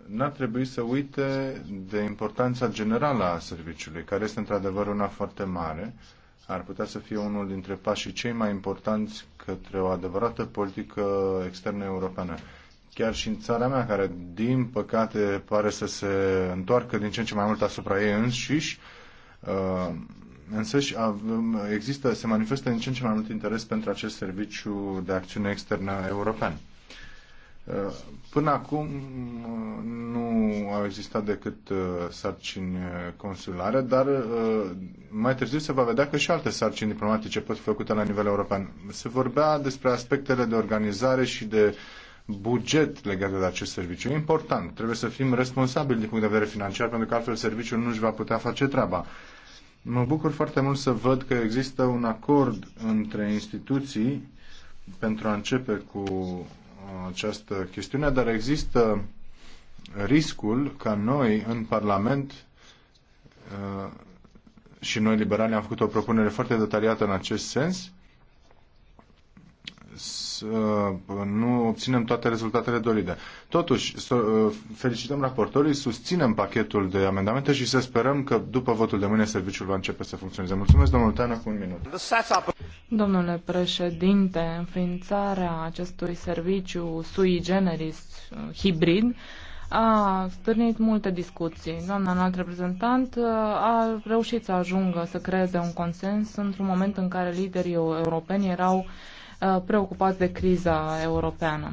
n-ar trebui să uite de importanța generală a serviciului, care este într-adevăr una foarte mare, ar putea să fie unul dintre pașii cei mai importanți către o adevărată politică externă europeană. Chiar și în țara mea, care din păcate pare să se întoarcă din ce în ce mai mult asupra ei înșiși, uh, însă există, se manifestă din ce în ce mai mult interes pentru acest serviciu de acțiune externă european. Până acum nu au existat decât uh, sarcini consulare, dar uh, mai târziu se va vedea că și alte sarcini diplomatice pot fi făcute la nivel european. Se vorbea despre aspectele de organizare și de buget legat de acest serviciu. E important. Trebuie să fim responsabili din punct de vedere financiar, pentru că altfel serviciul nu își va putea face treaba. Mă bucur foarte mult să văd că există un acord între instituții pentru a începe cu această chestiune, dar există riscul ca noi în Parlament uh, și noi liberali am făcut o propunere foarte detaliată în acest sens să nu obținem toate rezultatele dorite. Totuși, ă, felicităm raportorii, susținem pachetul de amendamente și să sperăm că după votul de mâine serviciul va începe să funcționeze. Mulțumesc, domnul Teană, cu un minut. Domnule președinte, înființarea acestui serviciu sui generis hibrid a stârnit multe discuții. Doamna înalt reprezentant ă, a reușit să ajungă să creeze un consens într-un moment în care liderii europeni erau Uh, preocupați de criza europeană.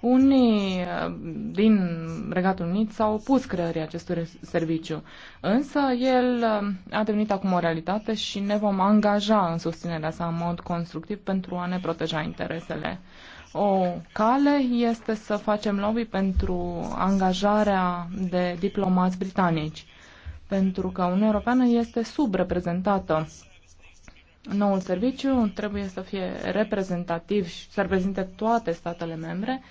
Unii uh, din Regatul Unit s-au opus creării acestui serviciu, însă el uh, a devenit acum o realitate și ne vom angaja în susținerea sa în mod constructiv pentru a ne proteja interesele. O cale este să facem lobby pentru angajarea de diplomați britanici, pentru că Uniunea Europeană este subreprezentată Noul serviciu trebuie să fie reprezentativ și să reprezinte toate statele membre,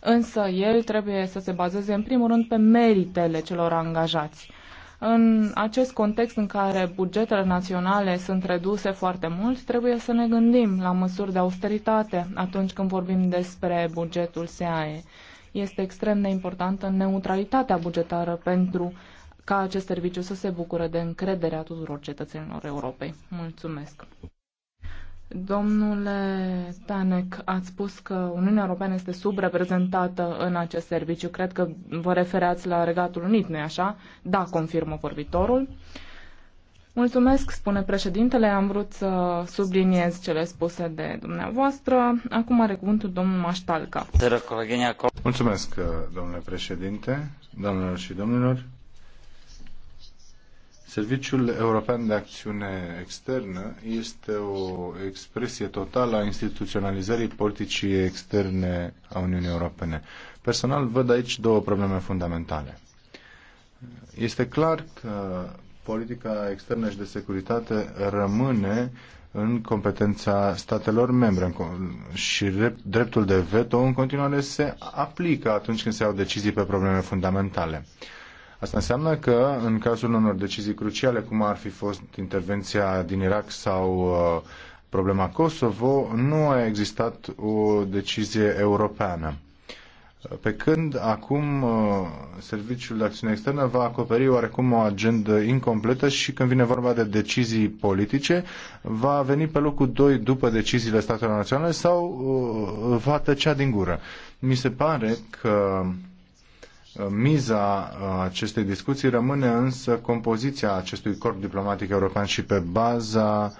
însă el trebuie să se bazeze în primul rând pe meritele celor angajați. În acest context în care bugetele naționale sunt reduse foarte mult, trebuie să ne gândim la măsuri de austeritate atunci când vorbim despre bugetul SAE. Este extrem de importantă neutralitatea bugetară pentru ca acest serviciu să se bucure de încrederea tuturor cetățenilor Europei. Mulțumesc! Domnule Tanec, ați spus că Uniunea Europeană este subreprezentată în acest serviciu. Cred că vă refereați la Regatul Unit, nu-i așa? Da, confirmă vorbitorul. Mulțumesc, spune președintele. Am vrut să subliniez cele spuse de dumneavoastră. Acum are cuvântul domnul Maștalca. Mulțumesc, domnule președinte, doamnelor și domnilor. Serviciul European de Acțiune Externă este o expresie totală a instituționalizării politicii externe a Uniunii Europene. Personal văd aici două probleme fundamentale. Este clar că politica externă și de securitate rămâne în competența statelor membre și dreptul de veto în continuare se aplică atunci când se au decizii pe probleme fundamentale. Asta înseamnă că în cazul unor decizii cruciale, cum ar fi fost intervenția din Irak sau uh, problema Kosovo, nu a existat o decizie europeană. Pe când acum uh, Serviciul de Acțiune Externă va acoperi oarecum o agendă incompletă și când vine vorba de decizii politice, va veni pe locul 2 după deciziile statelor naționale sau uh, va tăcea din gură. Mi se pare că Miza acestei discuții rămâne însă compoziția acestui corp diplomatic european și pe baza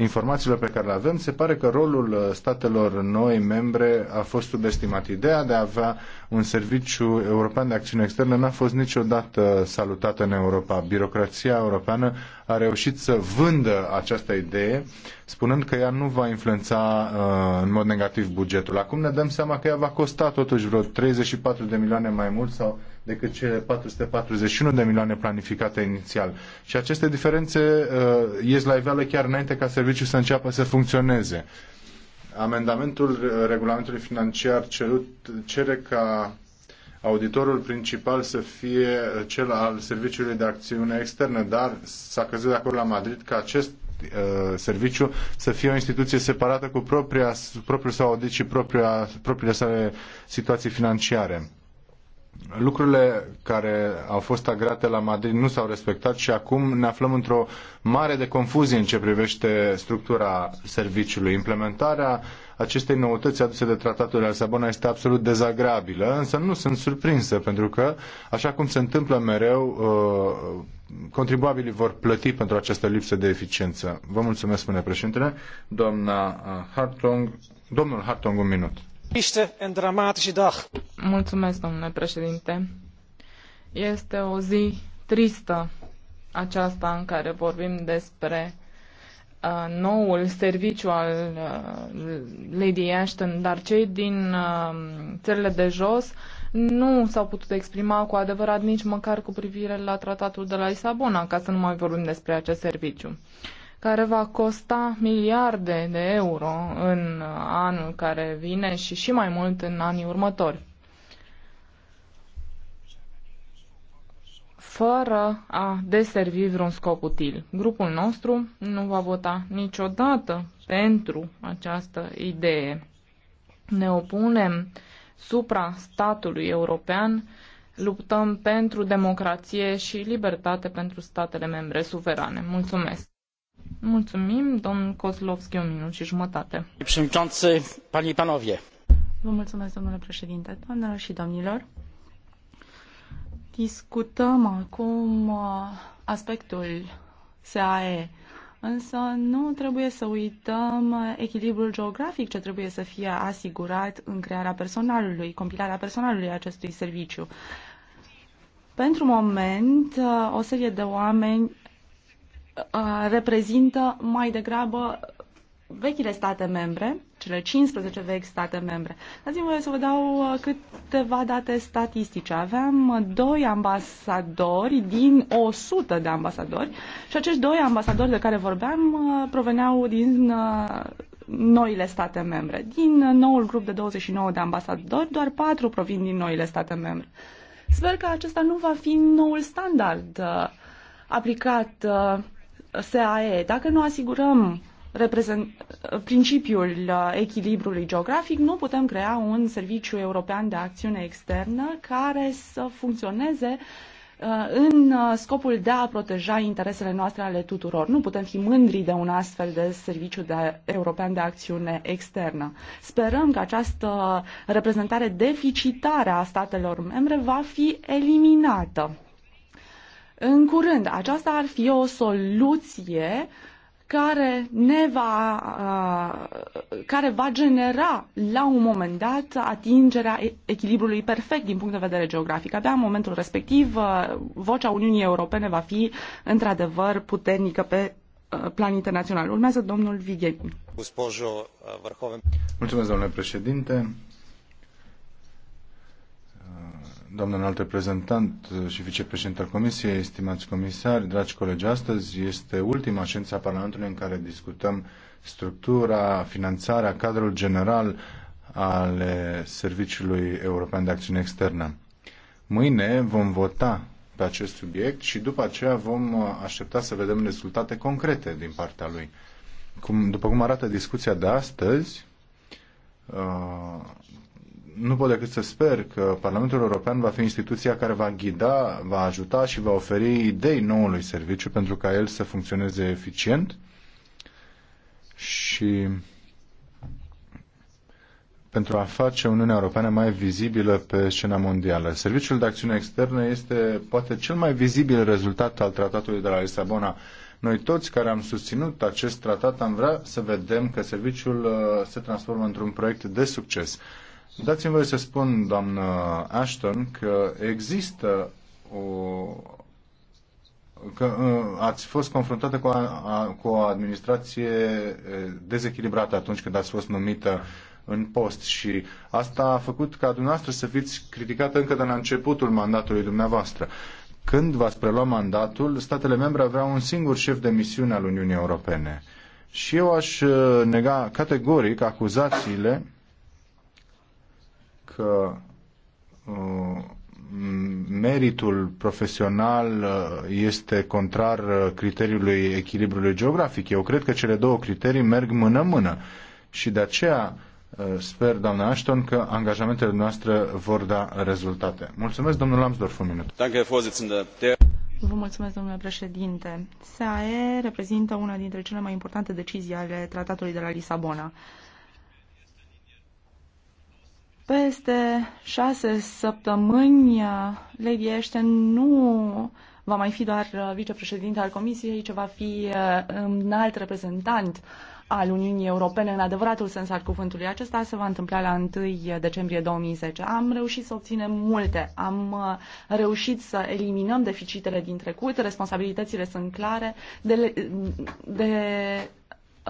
informațiilor pe care le avem, se pare că rolul uh, statelor noi membre a fost subestimat. Ideea de a avea un serviciu european de acțiune externă n-a fost niciodată salutată în Europa. Birocrația europeană a reușit să vândă această idee, spunând că ea nu va influența uh, în mod negativ bugetul. Acum ne dăm seama că ea va costa totuși vreo 34 de milioane mai mult sau decât cele 441 de milioane planificate inițial. Și aceste diferențe uh, ies la iveală chiar înainte ca serviciul să înceapă să funcționeze. Amendamentul uh, regulamentului financiar cerut, cere ca auditorul principal să fie uh, cel al Serviciului de Acțiune Externă, dar s-a căzut de acord la Madrid că acest uh, serviciu să fie o instituție separată cu propria, propriul său audit și propria, propriile sale situații financiare lucrurile care au fost agrate la Madrid nu s-au respectat și acum ne aflăm într-o mare de confuzie în ce privește structura serviciului. Implementarea acestei noutăți aduse de tratatul de la Sabona este absolut dezagrabilă, însă nu sunt surprinsă, pentru că, așa cum se întâmplă mereu, uh, contribuabilii vor plăti pentru această lipsă de eficiență. Vă mulțumesc, spune președintele. Doamna uh, Hartung, domnul Hartung un minut. Mulțumesc, domnule președinte. Este o zi tristă aceasta în care vorbim despre uh, noul serviciu al uh, Lady Ashton, dar cei din uh, țările de jos nu s-au putut exprima cu adevărat nici măcar cu privire la tratatul de la Lisabona, ca să nu mai vorbim despre acest serviciu. Uh, care va costa miliarde de euro în anul care vine și și mai mult în anii următori. fără a deservi vreun scop util. Grupul nostru nu va vota niciodată pentru această idee. Ne opunem supra statului european, luptăm pentru democrație și libertate pentru statele membre suverane. Mulțumesc! Discutăm acum uh, aspectul seae însă nu trebuie să uităm echilibrul geografic ce trebuie să fie asigurat în crearea personalului, compilarea personalului acestui serviciu. Pentru moment, uh, o serie de oameni reprezintă mai degrabă vechile state membre, cele 15 vechi state membre. Dați-mi voie să vă dau câteva date statistice. Aveam doi ambasadori din 100 de ambasadori și acești doi ambasadori de care vorbeam proveneau din noile state membre. Din noul grup de 29 de ambasadori, doar patru provin din noile state membre. Sper că acesta nu va fi noul standard aplicat uh, SAE, dacă nu asigurăm principiul uh, echilibrului geografic, nu putem crea un serviciu european de acțiune externă care să funcționeze uh, în uh, scopul de a proteja interesele noastre ale tuturor. Nu putem fi mândri de un astfel de serviciu de european de acțiune externă. Sperăm că această reprezentare deficitară a statelor membre va fi eliminată în curând. Aceasta ar fi o soluție care ne va, care va genera la un moment dat atingerea echilibrului perfect din punct de vedere geografic. Abia în momentul respectiv, vocea Uniunii Europene va fi într-adevăr puternică pe plan internațional. Urmează domnul Vigenin. Mulțumesc, domnule președinte doamnă înalt reprezentant și vicepreședinte al Comisiei, estimați comisari, dragi colegi, astăzi este ultima ședință a Parlamentului în care discutăm structura, finanțarea, cadrul general al Serviciului European de Acțiune Externă. Mâine vom vota pe acest subiect și după aceea vom aștepta să vedem rezultate concrete din partea lui. Cum, după cum arată discuția de astăzi, uh, nu pot decât să sper că Parlamentul European va fi instituția care va ghida, va ajuta și va oferi idei noului serviciu pentru ca el să funcționeze eficient și pentru a face Uniunea Europeană mai vizibilă pe scena mondială. Serviciul de acțiune externă este poate cel mai vizibil rezultat al tratatului de la Lisabona. Noi toți care am susținut acest tratat am vrea să vedem că serviciul uh, se transformă într-un proiect de succes. Dați-mi voi să spun, doamnă Ashton, că există o că uh, ați fost confruntată cu, a, cu o administrație uh, dezechilibrată atunci când ați fost numită în post și asta a făcut ca dumneavoastră să fiți criticată încă de la începutul mandatului dumneavoastră. Când v-ați preluat mandatul, statele membre aveau un singur șef de misiune al Uniunii Europene. Și eu aș uh, nega categoric acuzațiile că uh, meritul profesional uh, este contrar uh, criteriului echilibrului geografic. Eu cred că cele două criterii merg mână-mână și de aceea sper, doamna Ashton, că angajamentele noastre vor da rezultate. Mulțumesc, domnul Lambsdorff, un minut. Vă mulțumesc, domnule președinte. SAE reprezintă una dintre cele mai importante decizii ale Tratatului de la Lisabona. Peste șase săptămâni, Lady Ashton nu va mai fi doar uh, vicepreședinte al Comisiei, ci va fi un uh, alt reprezentant al Uniunii Europene în adevăratul sens al cuvântului. Acesta se va întâmpla la 1 decembrie 2010. Am reușit să obținem multe, am uh, reușit să eliminăm deficitele din trecut, responsabilitățile sunt clare, de, de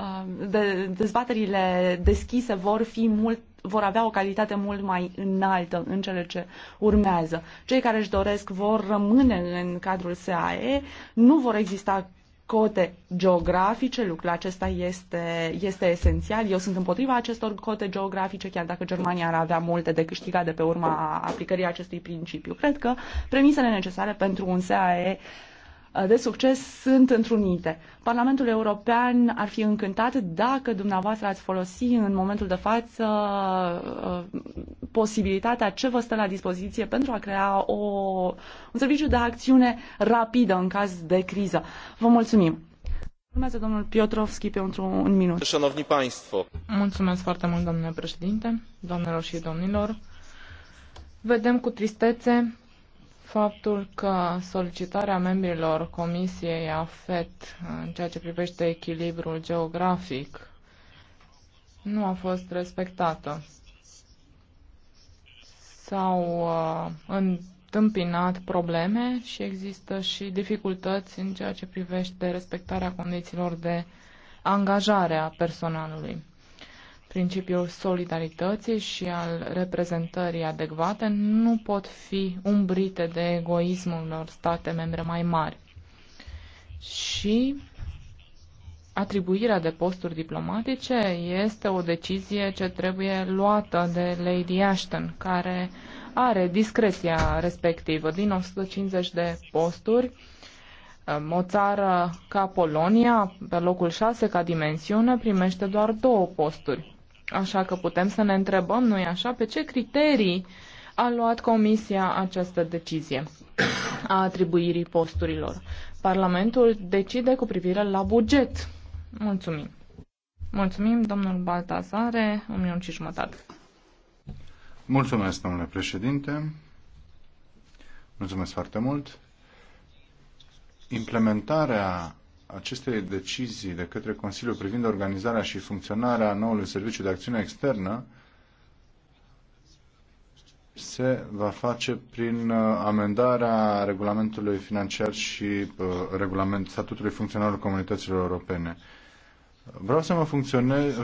Uh, de, dezbaterile deschise vor fi mult vor avea o calitate mult mai înaltă în cele ce urmează. Cei care își doresc vor rămâne în cadrul SAE, nu vor exista cote geografice, lucrul acesta este, este esențial. Eu sunt împotriva acestor cote geografice, chiar dacă Germania ar avea multe de câștigat de pe urma aplicării acestui principiu. Cred că premisele necesare pentru un SAE uh, Uh, de succes sunt întrunite. Parlamentul European ar fi încântat dacă dumneavoastră ați folosi în momentul de față uh, posibilitatea ce vă stă la dispoziție pentru a crea o, un serviciu de acțiune rapidă în caz de criză. Vă mulțumim! Urmează domnul Piotrovski pentru un minut. Șanovni Państwo. Mulțumesc foarte mult, domnule președinte, doamnelor și domnilor. Vedem cu tristețe faptul că solicitarea membrilor Comisiei AFET în ceea ce privește echilibrul geografic nu a fost respectată. S-au uh, întâmpinat probleme și există și dificultăți în ceea ce privește respectarea condițiilor de angajare a personalului principiul solidarității și al reprezentării adecvate nu pot fi umbrite de egoismul unor state membre mai mari. Și atribuirea de posturi diplomatice este o decizie ce trebuie luată de Lady Ashton, care are discreția respectivă. Din 150 de posturi, um, o țară ca Polonia, pe locul 6 ca dimensiune, primește doar două posturi. Așa că putem să ne întrebăm, noi așa, pe ce criterii a luat Comisia această decizie a atribuirii posturilor. Parlamentul decide cu privire la buget. Mulțumim. Mulțumim, domnul Baltazare, un minut și jumătate. Mulțumesc, domnule președinte. Mulțumesc foarte mult. Implementarea aceste decizii de către Consiliu privind organizarea și funcționarea noului serviciu de acțiune externă se va face prin uh, amendarea regulamentului financiar și uh, regulament, statutului funcționarilor comunităților europene. Vreau să, mă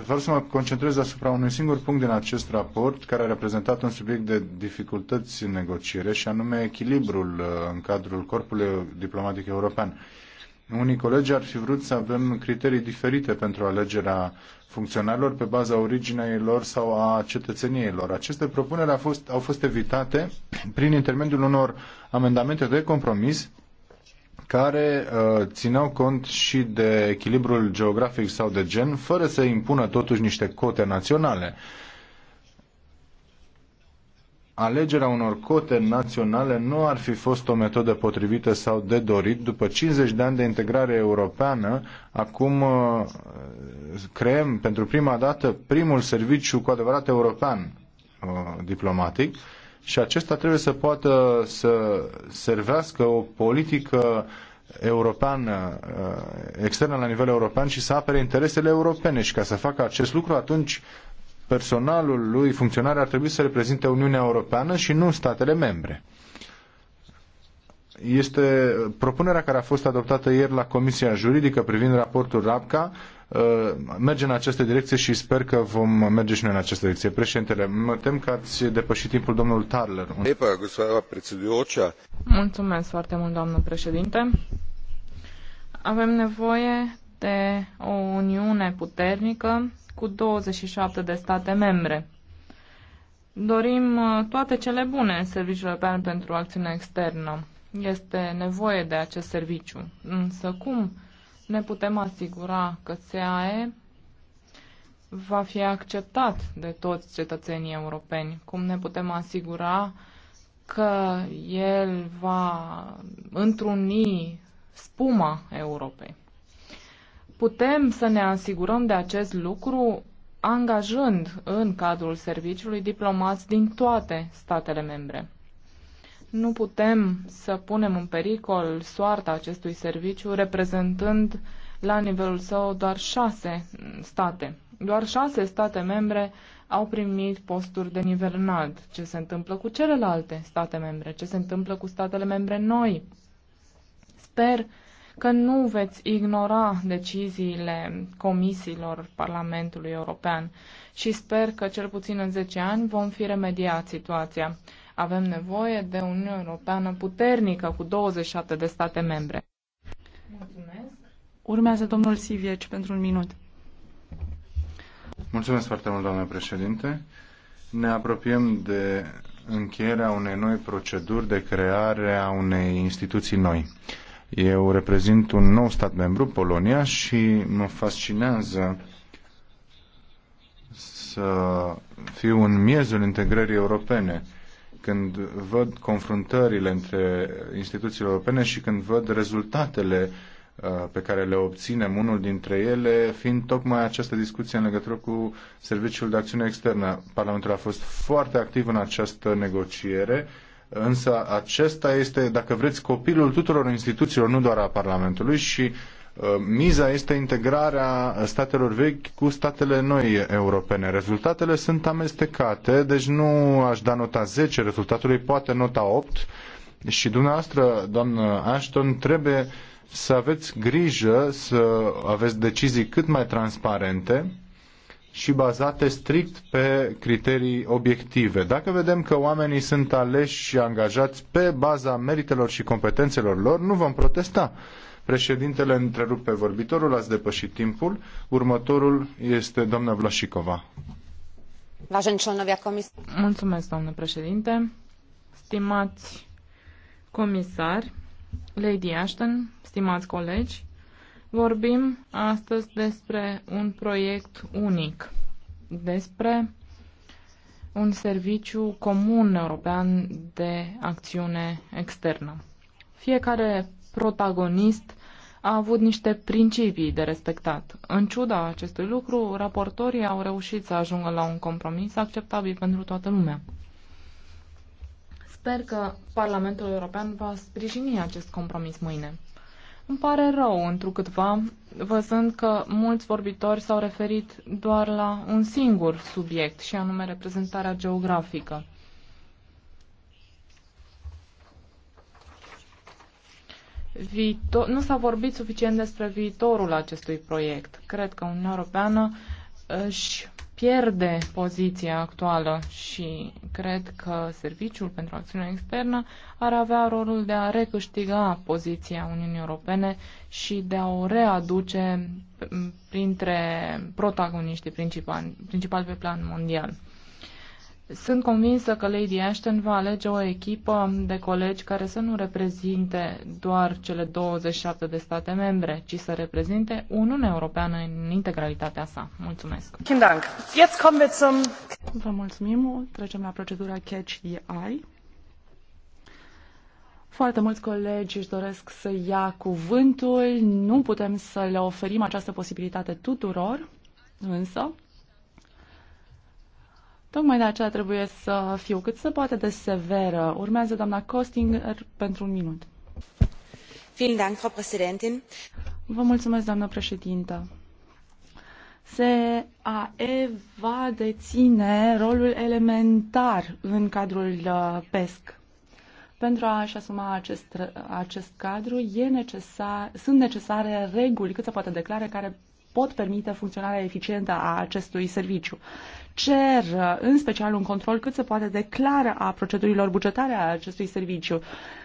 vreau să mă concentrez asupra unui singur punct din acest raport care a reprezentat un subiect de dificultăți în negociere și anume echilibrul uh, în cadrul corpului diplomatic european. Unii colegi ar fi vrut să avem criterii diferite pentru alegerea funcționarilor pe baza originei lor sau a cetățeniei lor. Aceste propuneri au fost, au fost evitate prin intermediul unor amendamente de compromis care uh, țineau cont și de echilibrul geografic sau de gen, fără să impună totuși niște cote naționale. Uh, alegerea unor cote naționale nu ar fi fost o metodă potrivită sau de dorit. După 50 de ani de integrare europeană, acum uh, creăm pentru prima dată primul serviciu cu adevărat european uh, diplomatic și acesta trebuie să poată să servească o politică europeană uh, externă la nivel european și să apere interesele europene și ca să facă acest lucru atunci personalul lui, funcționar ar trebui să reprezinte Uniunea Europeană și nu statele membre. Este propunerea care a fost adoptată ieri la Comisia Juridică privind raportul RAPCA uh, merge în această direcție și sper că vom merge și noi în această direcție. Președintele, mă tem că ați depășit timpul domnul Tarler. Mulțumesc foarte mult, doamnă președinte. Avem nevoie de o uniune puternică cu 27 de state membre. Dorim uh, toate cele bune în Serviciul European pentru Acțiune Externă. Este nevoie de acest serviciu. Însă cum ne putem asigura că SAE va fi acceptat de toți cetățenii europeni? Cum ne putem asigura că el va întruni spuma Europei? Putem să ne asigurăm de acest lucru angajând în cadrul serviciului diplomați din toate statele membre. Nu putem să punem în pericol soarta acestui serviciu reprezentând la nivelul său doar șase state. Doar șase state membre au primit posturi de nivel înalt. Ce se întâmplă cu celelalte state membre? Ce se întâmplă cu statele membre noi? Sper că nu veți ignora deciziile comisiilor Parlamentului European și sper că cel puțin în 10 ani vom fi remediat situația. Avem nevoie de o Uniune Europeană puternică cu 27 de state membre. Mulțumesc. Urmează domnul Sivieci pentru un minut. Mulțumesc foarte mult, doamnă președinte. Ne apropiem de încheierea unei noi proceduri de creare a unei instituții noi. Eu reprezint un nou stat membru, Polonia, și mă fascinează să fiu în miezul integrării europene când văd confruntările între instituțiile europene și când văd rezultatele uh, pe care le obținem, unul dintre ele fiind tocmai această discuție în legătură cu Serviciul de Acțiune Externă. Parlamentul a fost foarte activ în această negociere însă acesta este, dacă vreți, copilul tuturor instituțiilor, nu doar a Parlamentului și uh, miza este integrarea statelor vechi cu statele noi europene. Rezultatele sunt amestecate, deci nu aș da nota 10 rezultatului, poate nota 8 și dumneavoastră, doamnă Ashton, trebuie să aveți grijă să aveți decizii cât mai transparente și bazate strict pe criterii obiective. Dacă vedem că oamenii sunt aleși și angajați pe baza meritelor și competențelor lor, nu vom protesta. Președintele întrerupe vorbitorul, ați depășit timpul. Următorul este doamna Vlașicova. Mulțumesc, domnule președinte. Stimați comisari, Lady Ashton, stimați colegi, Vorbim astăzi despre un proiect unic, despre un serviciu comun european de acțiune externă. Fiecare protagonist a avut niște principii de respectat. În ciuda acestui lucru, raportorii au reușit să ajungă la un compromis acceptabil pentru toată lumea. Sper că Parlamentul European va sprijini acest compromis mâine. Îmi pare rău, întrucâtva, văzând că mulți vorbitori s-au referit doar la un singur subiect, și anume reprezentarea geografică. Viitor, nu s-a vorbit suficient despre viitorul acestui proiect. Cred că Uniunea Europeană își pierde poziția actuală și cred că Serviciul pentru acțiunea Externă ar avea rolul de a recâștiga poziția Uniunii Europene și de a o readuce printre protagoniștii principali, principali pe plan mondial. Sunt convinsă că Lady Ashton va alege o echipă de colegi care să nu reprezinte doar cele 27 de state membre, ci să reprezinte Uniunea Europeană în integralitatea sa. Mulțumesc! Vă mulțumim! Trecem la procedura Catch the Eye. Foarte mulți colegi își doresc să ia cuvântul. Nu putem să le oferim această posibilitate tuturor, însă Tocmai de aceea trebuie să fiu cât se poate de severă. Urmează doamna Costinger pentru un minut. Vă mulțumesc, doamnă președintă. SAE va deține rolul elementar în cadrul uh, PESC. Pentru a-și asuma acest, uh, acest cadru e necesar, sunt necesare reguli cât se poate declare care pot permite funcționarea eficientă a acestui serviciu cer în special un control cât se poate de clar a procedurilor bugetare a acestui serviciu.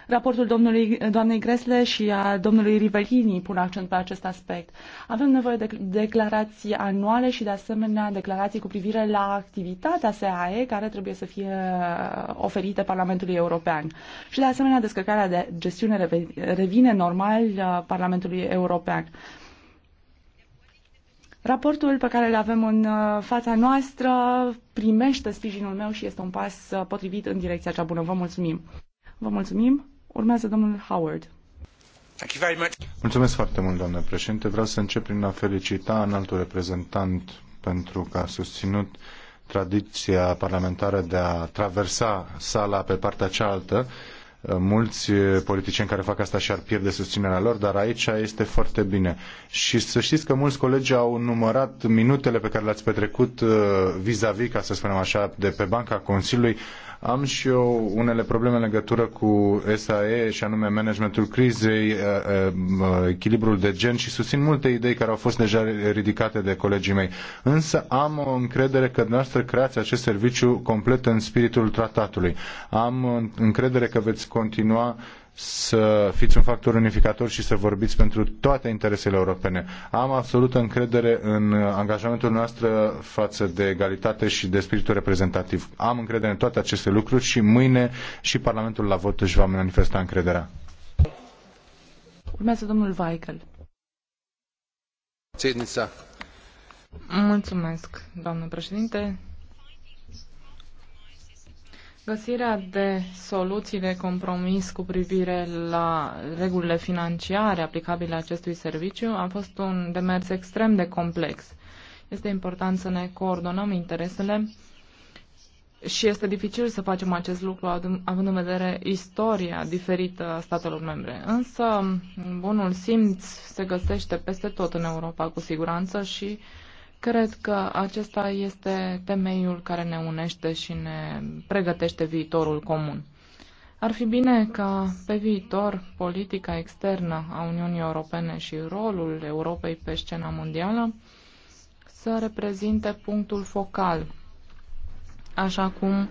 Raportul domnului, doamnei Gresle și a domnului Rivelini pun accent pe acest aspect. Avem nevoie de declarații anuale și de asemenea declarații cu privire la activitatea SAE care trebuie să fie uh, oferite Parlamentului European. Și de asemenea descărcarea de gestiune revine normal uh, Parlamentului European. Raportul pe care îl avem în uh, fața noastră primește sprijinul meu și este un pas uh, potrivit în direcția cea bună. Vă mulțumim! Vă mulțumim! Urmează domnul Howard. Mulțumesc foarte mult, doamnă președinte. Vreau să încep prin a felicita în altul reprezentant pentru că a susținut tradiția parlamentară de a traversa sala pe partea cealaltă Eh, mulți eh, politicieni care fac asta și-ar pierde susținerea lor, dar aici este foarte bine. Și să știți că mulți colegi au numărat minutele pe care le-ați petrecut eh, vis-a-vis, -vis, ca să spunem așa, de pe banca Consiliului, am și eu unele probleme în legătură cu SAE și anume managementul crizei, uh, uh, uh, echilibrul de gen și susțin multe idei care au fost deja ridicate de colegii mei. Însă am o încredere că dumneavoastră creați acest serviciu complet în spiritul tratatului. Am încredere că veți continua să fiți un factor unificator și să vorbiți pentru toate interesele europene. Am absolută încredere în angajamentul noastră față de egalitate și de spiritul reprezentativ. Am încredere în toate aceste lucruri și mâine și Parlamentul la vot își va manifesta încrederea. Urmează domnul Weigel. Mulțumesc, doamnă președinte. Găsirea de soluții de compromis cu privire la regulile financiare aplicabile acestui serviciu a fost un demers extrem de complex. Este important să ne coordonăm interesele și este dificil să facem acest lucru având în vedere istoria diferită a statelor membre. Însă bunul simț se găsește peste tot în Europa cu siguranță și uh, Cred că acesta este temeiul care ne unește și ne pregătește viitorul comun. Ar fi bine ca pe viitor politica externă a Uniunii Europene și rolul Europei pe scena mondială să reprezinte punctul focal, așa cum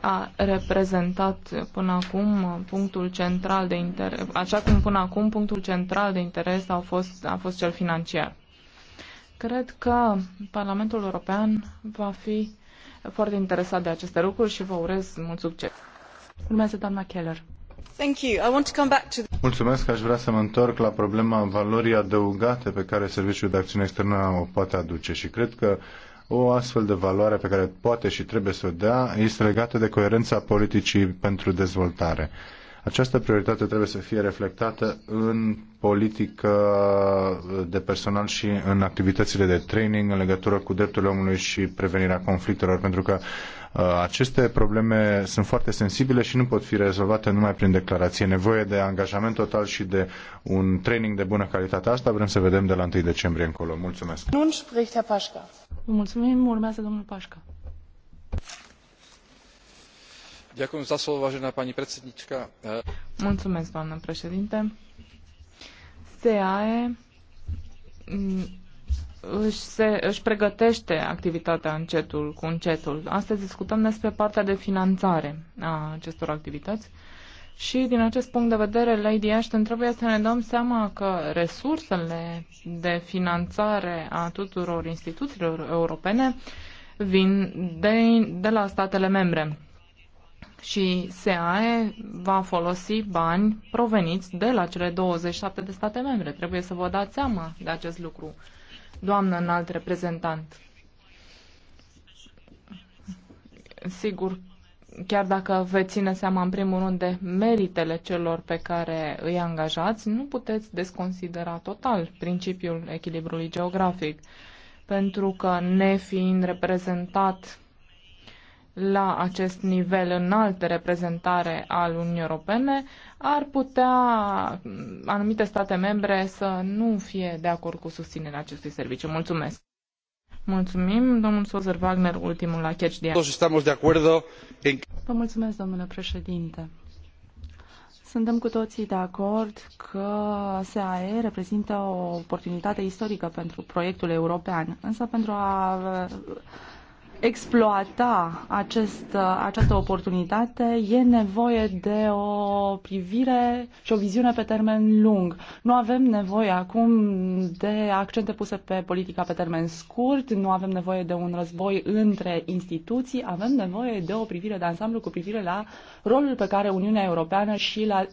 a reprezentat până acum punctul central de interes, așa cum până acum punctul central de interes a fost, a fost cel financiar. Cred că Parlamentul European va fi foarte interesat de aceste lucruri și vă urez mult succes. Urmează doamna Keller. Thank you. I want to come back to... Mulțumesc, aș vrea să mă întorc la problema valorii adăugate pe care Serviciul de Acțiune Externă o poate aduce și cred că o astfel de valoare pe care poate și trebuie să o dea este legată de coerența politicii pentru dezvoltare. Această prioritate trebuie să fie reflectată în politică de personal și în activitățile de training în legătură cu drepturile omului și prevenirea conflictelor, pentru că uh, aceste probleme sunt foarte sensibile și nu pot fi rezolvate numai prin declarație. Nevoie de angajament total și de un training de bună calitate. Asta vrem să vedem de la 1 decembrie încolo. Mulțumesc. Mulțumim. Urmează domnul Pașca președinte. SEAE mm, își, se, își pregătește activitatea încetul cu încetul. Astăzi discutăm despre partea de finanțare a acestor activități și din acest punct de vedere, Lady Ashton, trebuie să ne dăm seama că resursele de finanțare a tuturor instituțiilor europene vin de, de la statele membre și SEAE va folosi bani proveniți de la cele 27 de state membre. Trebuie să vă dați seama de acest lucru, doamnă înalt reprezentant. Sigur, chiar dacă veți ține seama în primul rând de meritele celor pe care îi angajați, nu puteți desconsidera total principiul echilibrului geografic, pentru că nefiind reprezentat la acest nivel înalt de reprezentare al Uniunii Europene, ar putea anumite state membre să nu fie de acord cu susținerea acestui serviciu. Mulțumesc! Mulțumim, domnul Sozer Wagner, ultimul la Catch the Eye. de Vă mulțumesc, domnule președinte. Suntem cu toții de acord că SAE reprezintă o oportunitate istorică pentru proiectul european, însă pentru a exploata acest, această oportunitate, e nevoie de o privire și o viziune pe termen lung. Nu avem nevoie acum de accente puse pe politica pe termen scurt, nu avem nevoie de un război între instituții, avem nevoie de o privire de ansamblu cu privire la uh, rolul pe care Uniunea Europeană și la,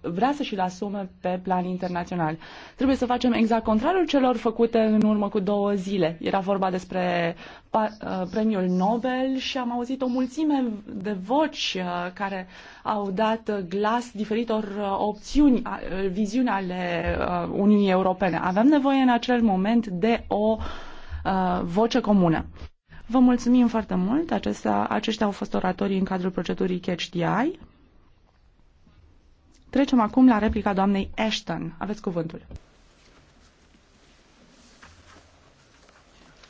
vrea să și-l asume pe plan internațional. Trebuie să facem exact contrarul celor făcute în urmă cu două zile. Era vorba despre uh, premiul Nobel și am auzit o mulțime de voci uh, care au dat glas diferitor uh, opțiuni, viziuni ale Uniunii Europene. Avem nevoie în acel moment de o voce comună. Vă mulțumim foarte mult. Acestea, aceștia au fost oratorii în cadrul procedurii Catch the Eye. Trecem acum la replica doamnei Ashton. Aveți cuvântul.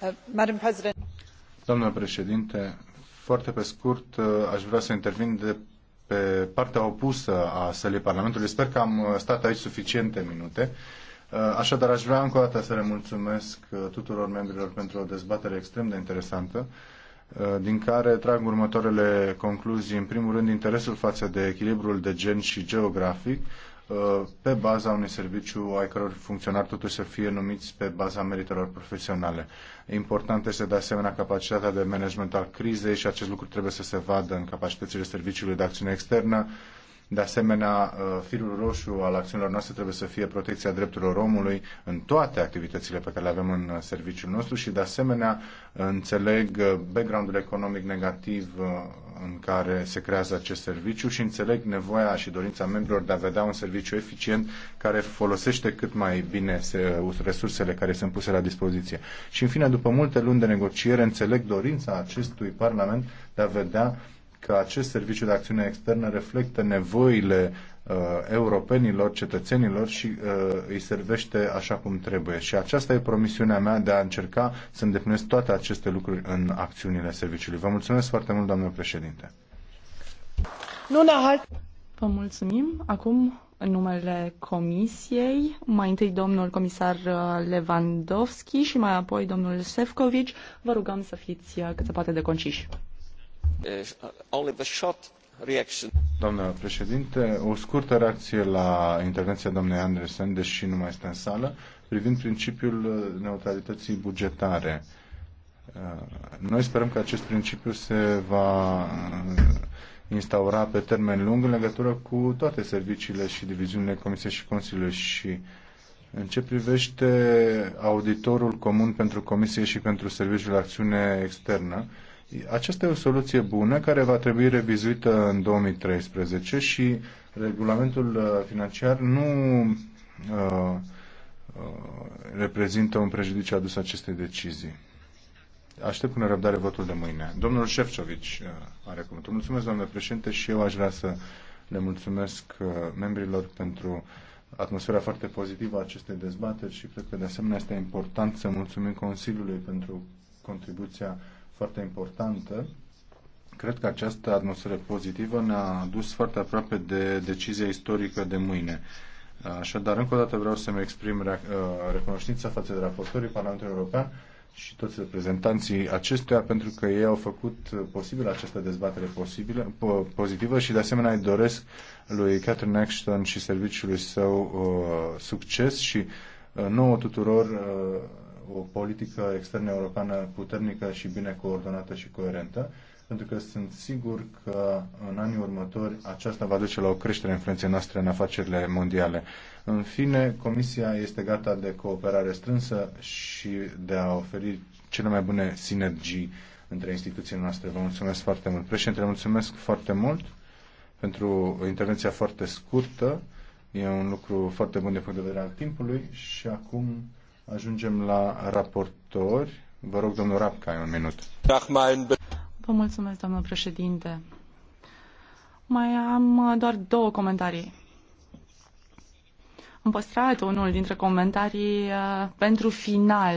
Uh, Doamnă președinte, foarte pe scurt, uh, aș vrea să intervin de pe partea opusă a sălii Parlamentului. Sper că am uh, stat aici suficiente minute. Uh, Uh, așadar, aș vrea încă o dată să le mulțumesc uh, tuturor membrilor pentru o dezbatere extrem de interesantă, uh, din care trag următoarele concluzii. În primul rând, interesul față de echilibrul de gen și geografic, pe baza unui serviciu ai căror funcționari totuși să fie numiți pe baza meritelor profesionale. Important este de asemenea capacitatea de management al crizei și acest lucru trebuie să se vadă în capacitățile serviciului de acțiune externă, de asemenea, uh, firul roșu al acțiunilor noastre trebuie să fie protecția drepturilor omului în toate activitățile pe care le avem în uh, serviciul nostru și, de asemenea, înțeleg uh, backgroundul economic negativ în care se creează acest serviciu și înțeleg nevoia și dorința membrilor de a vedea un serviciu eficient care folosește cât mai bine resursele care sunt puse la dispoziție. Și, în fine, după multe luni de negociere, înțeleg dorința acestui Parlament de a vedea că acest serviciu de acțiune externă reflectă nevoile uh, europenilor, cetățenilor și uh, îi servește așa cum trebuie. Și aceasta e promisiunea mea de a încerca să îndeplinesc toate aceste lucruri în acțiunile serviciului. Vă mulțumesc foarte mult, doamnă președinte. Nu Vă mulțumim. Acum, în numele Comisiei, mai întâi domnul comisar uh, Lewandowski și mai apoi domnul Sefcovici, vă rugăm să fiți uh, cât se poate de conciși. Uh, Doamnă președinte, o scurtă reacție la intervenția doamnei Anderson, deși nu mai este în sală, privind principiul uh, neutralității bugetare. Uh, noi sperăm că acest principiu se va instaura pe termen lung în legătură cu toate serviciile și diviziunile Comisiei și Consiliului și în ce privește auditorul comun pentru Comisie și pentru Serviciul de Acțiune Externă, aceasta e o soluție bună care va trebui revizuită în 2013 și regulamentul uh, financiar nu uh, uh, reprezintă un prejudiciu adus acestei decizii. Aștept cu nerăbdare votul de mâine. Domnul Șefcovici uh, are cuvântul. Mulțumesc, domnule președinte, și eu aș vrea să le mulțumesc uh, membrilor pentru atmosfera foarte pozitivă a acestei dezbateri și cred că de asemenea este important să mulțumim Consiliului pentru contribuția foarte importantă. Cred că această atmosferă pozitivă ne-a dus foarte aproape de decizia istorică de mâine. Așadar, încă o dată vreau să-mi exprim uh, recunoștința față de raportorii Parlamentului European și toți reprezentanții acestuia pentru că ei au făcut posibil această dezbatere posibilă, pozitivă și de asemenea îi doresc lui Catherine Ashton și serviciului său uh, succes și uh, nouă tuturor uh, o politică externă europeană puternică și bine coordonată și coerentă, pentru că sunt sigur că în anii următori aceasta va duce la o creștere în influenței noastre în afacerile mondiale. În fine, Comisia este gata de cooperare strânsă și de a oferi cele mai bune sinergii între instituțiile noastre. Vă mulțumesc foarte mult. Președinte, mulțumesc foarte mult pentru intervenția foarte scurtă. E un lucru foarte bun de punct de vedere al timpului și acum Ajungem la raportori. Vă rog, domnul Rapca, un minut. Vă mulțumesc, domnul președinte. Mai am uh, doar două comentarii. Am păstrat unul dintre comentarii uh, pentru final.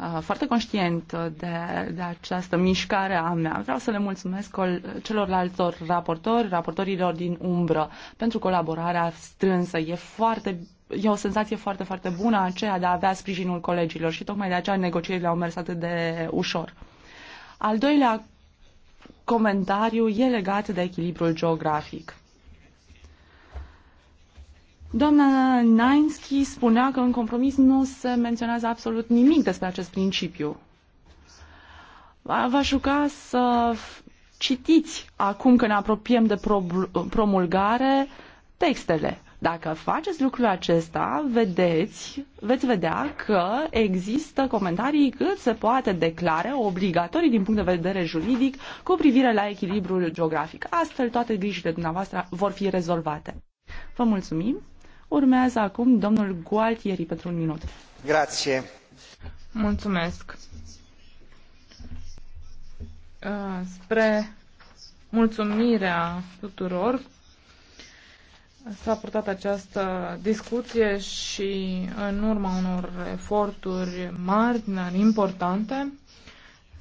Uh, foarte conștient de, de această mișcare a mea. Vreau să le mulțumesc celorlalți raportori, raportorilor din umbră, pentru colaborarea strânsă. E foarte e o senzație foarte, foarte bună aceea de a avea sprijinul colegilor și tocmai de aceea negocierile au mers atât de ușor. Al doilea comentariu e legat de echilibrul geografic. Doamna Nainski spunea că în compromis nu se menționează absolut nimic despre acest principiu. V-aș ruga să citiți acum că ne apropiem de promulgare textele. Dacă faceți lucrul acesta, vedeți, veți vedea că există comentarii cât se poate declare obligatorii din punct de vedere juridic cu privire la echilibrul geografic. Astfel, toate grijile dumneavoastră vor fi rezolvate. Vă mulțumim! Urmează acum domnul Gualtieri pentru un minut. Grație. Mulțumesc. Uh, spre mulțumirea tuturor s-a purtat această discuție și în urma unor eforturi mari, dar importante,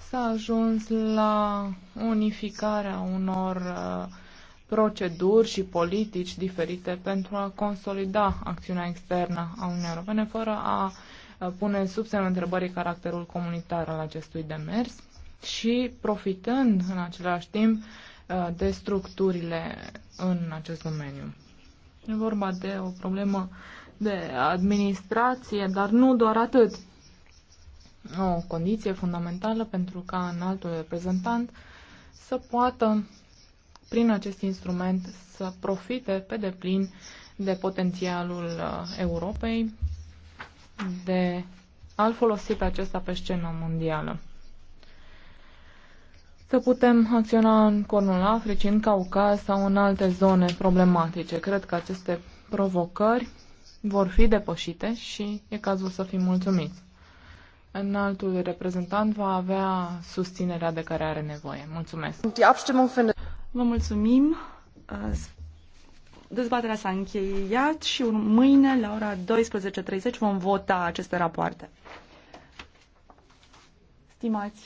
s-a ajuns la unificarea unor uh, proceduri și politici diferite pentru a consolida acțiunea externă a Uniunii Europene fără a pune sub semnul întrebării caracterul comunitar al acestui demers și profitând în același timp de structurile în acest domeniu. E vorba de o problemă de administrație, dar nu doar atât. O condiție fundamentală pentru ca altul reprezentant să poată prin acest instrument să profite pe deplin de potențialul uh, Europei de a-l folosi pe acesta pe scenă mondială. Să putem acționa în Cornul Africii, în Caucaz sau în alte zone problematice. Cred că aceste provocări vor fi depășite și e cazul să fim mulțumiți. Înaltul reprezentant va avea susținerea de care are nevoie. Mulțumesc! Vă mulțumim. Uh, dezbaterea s-a încheiat și mâine la ora 12.30 vom vota aceste rapoarte. Stimați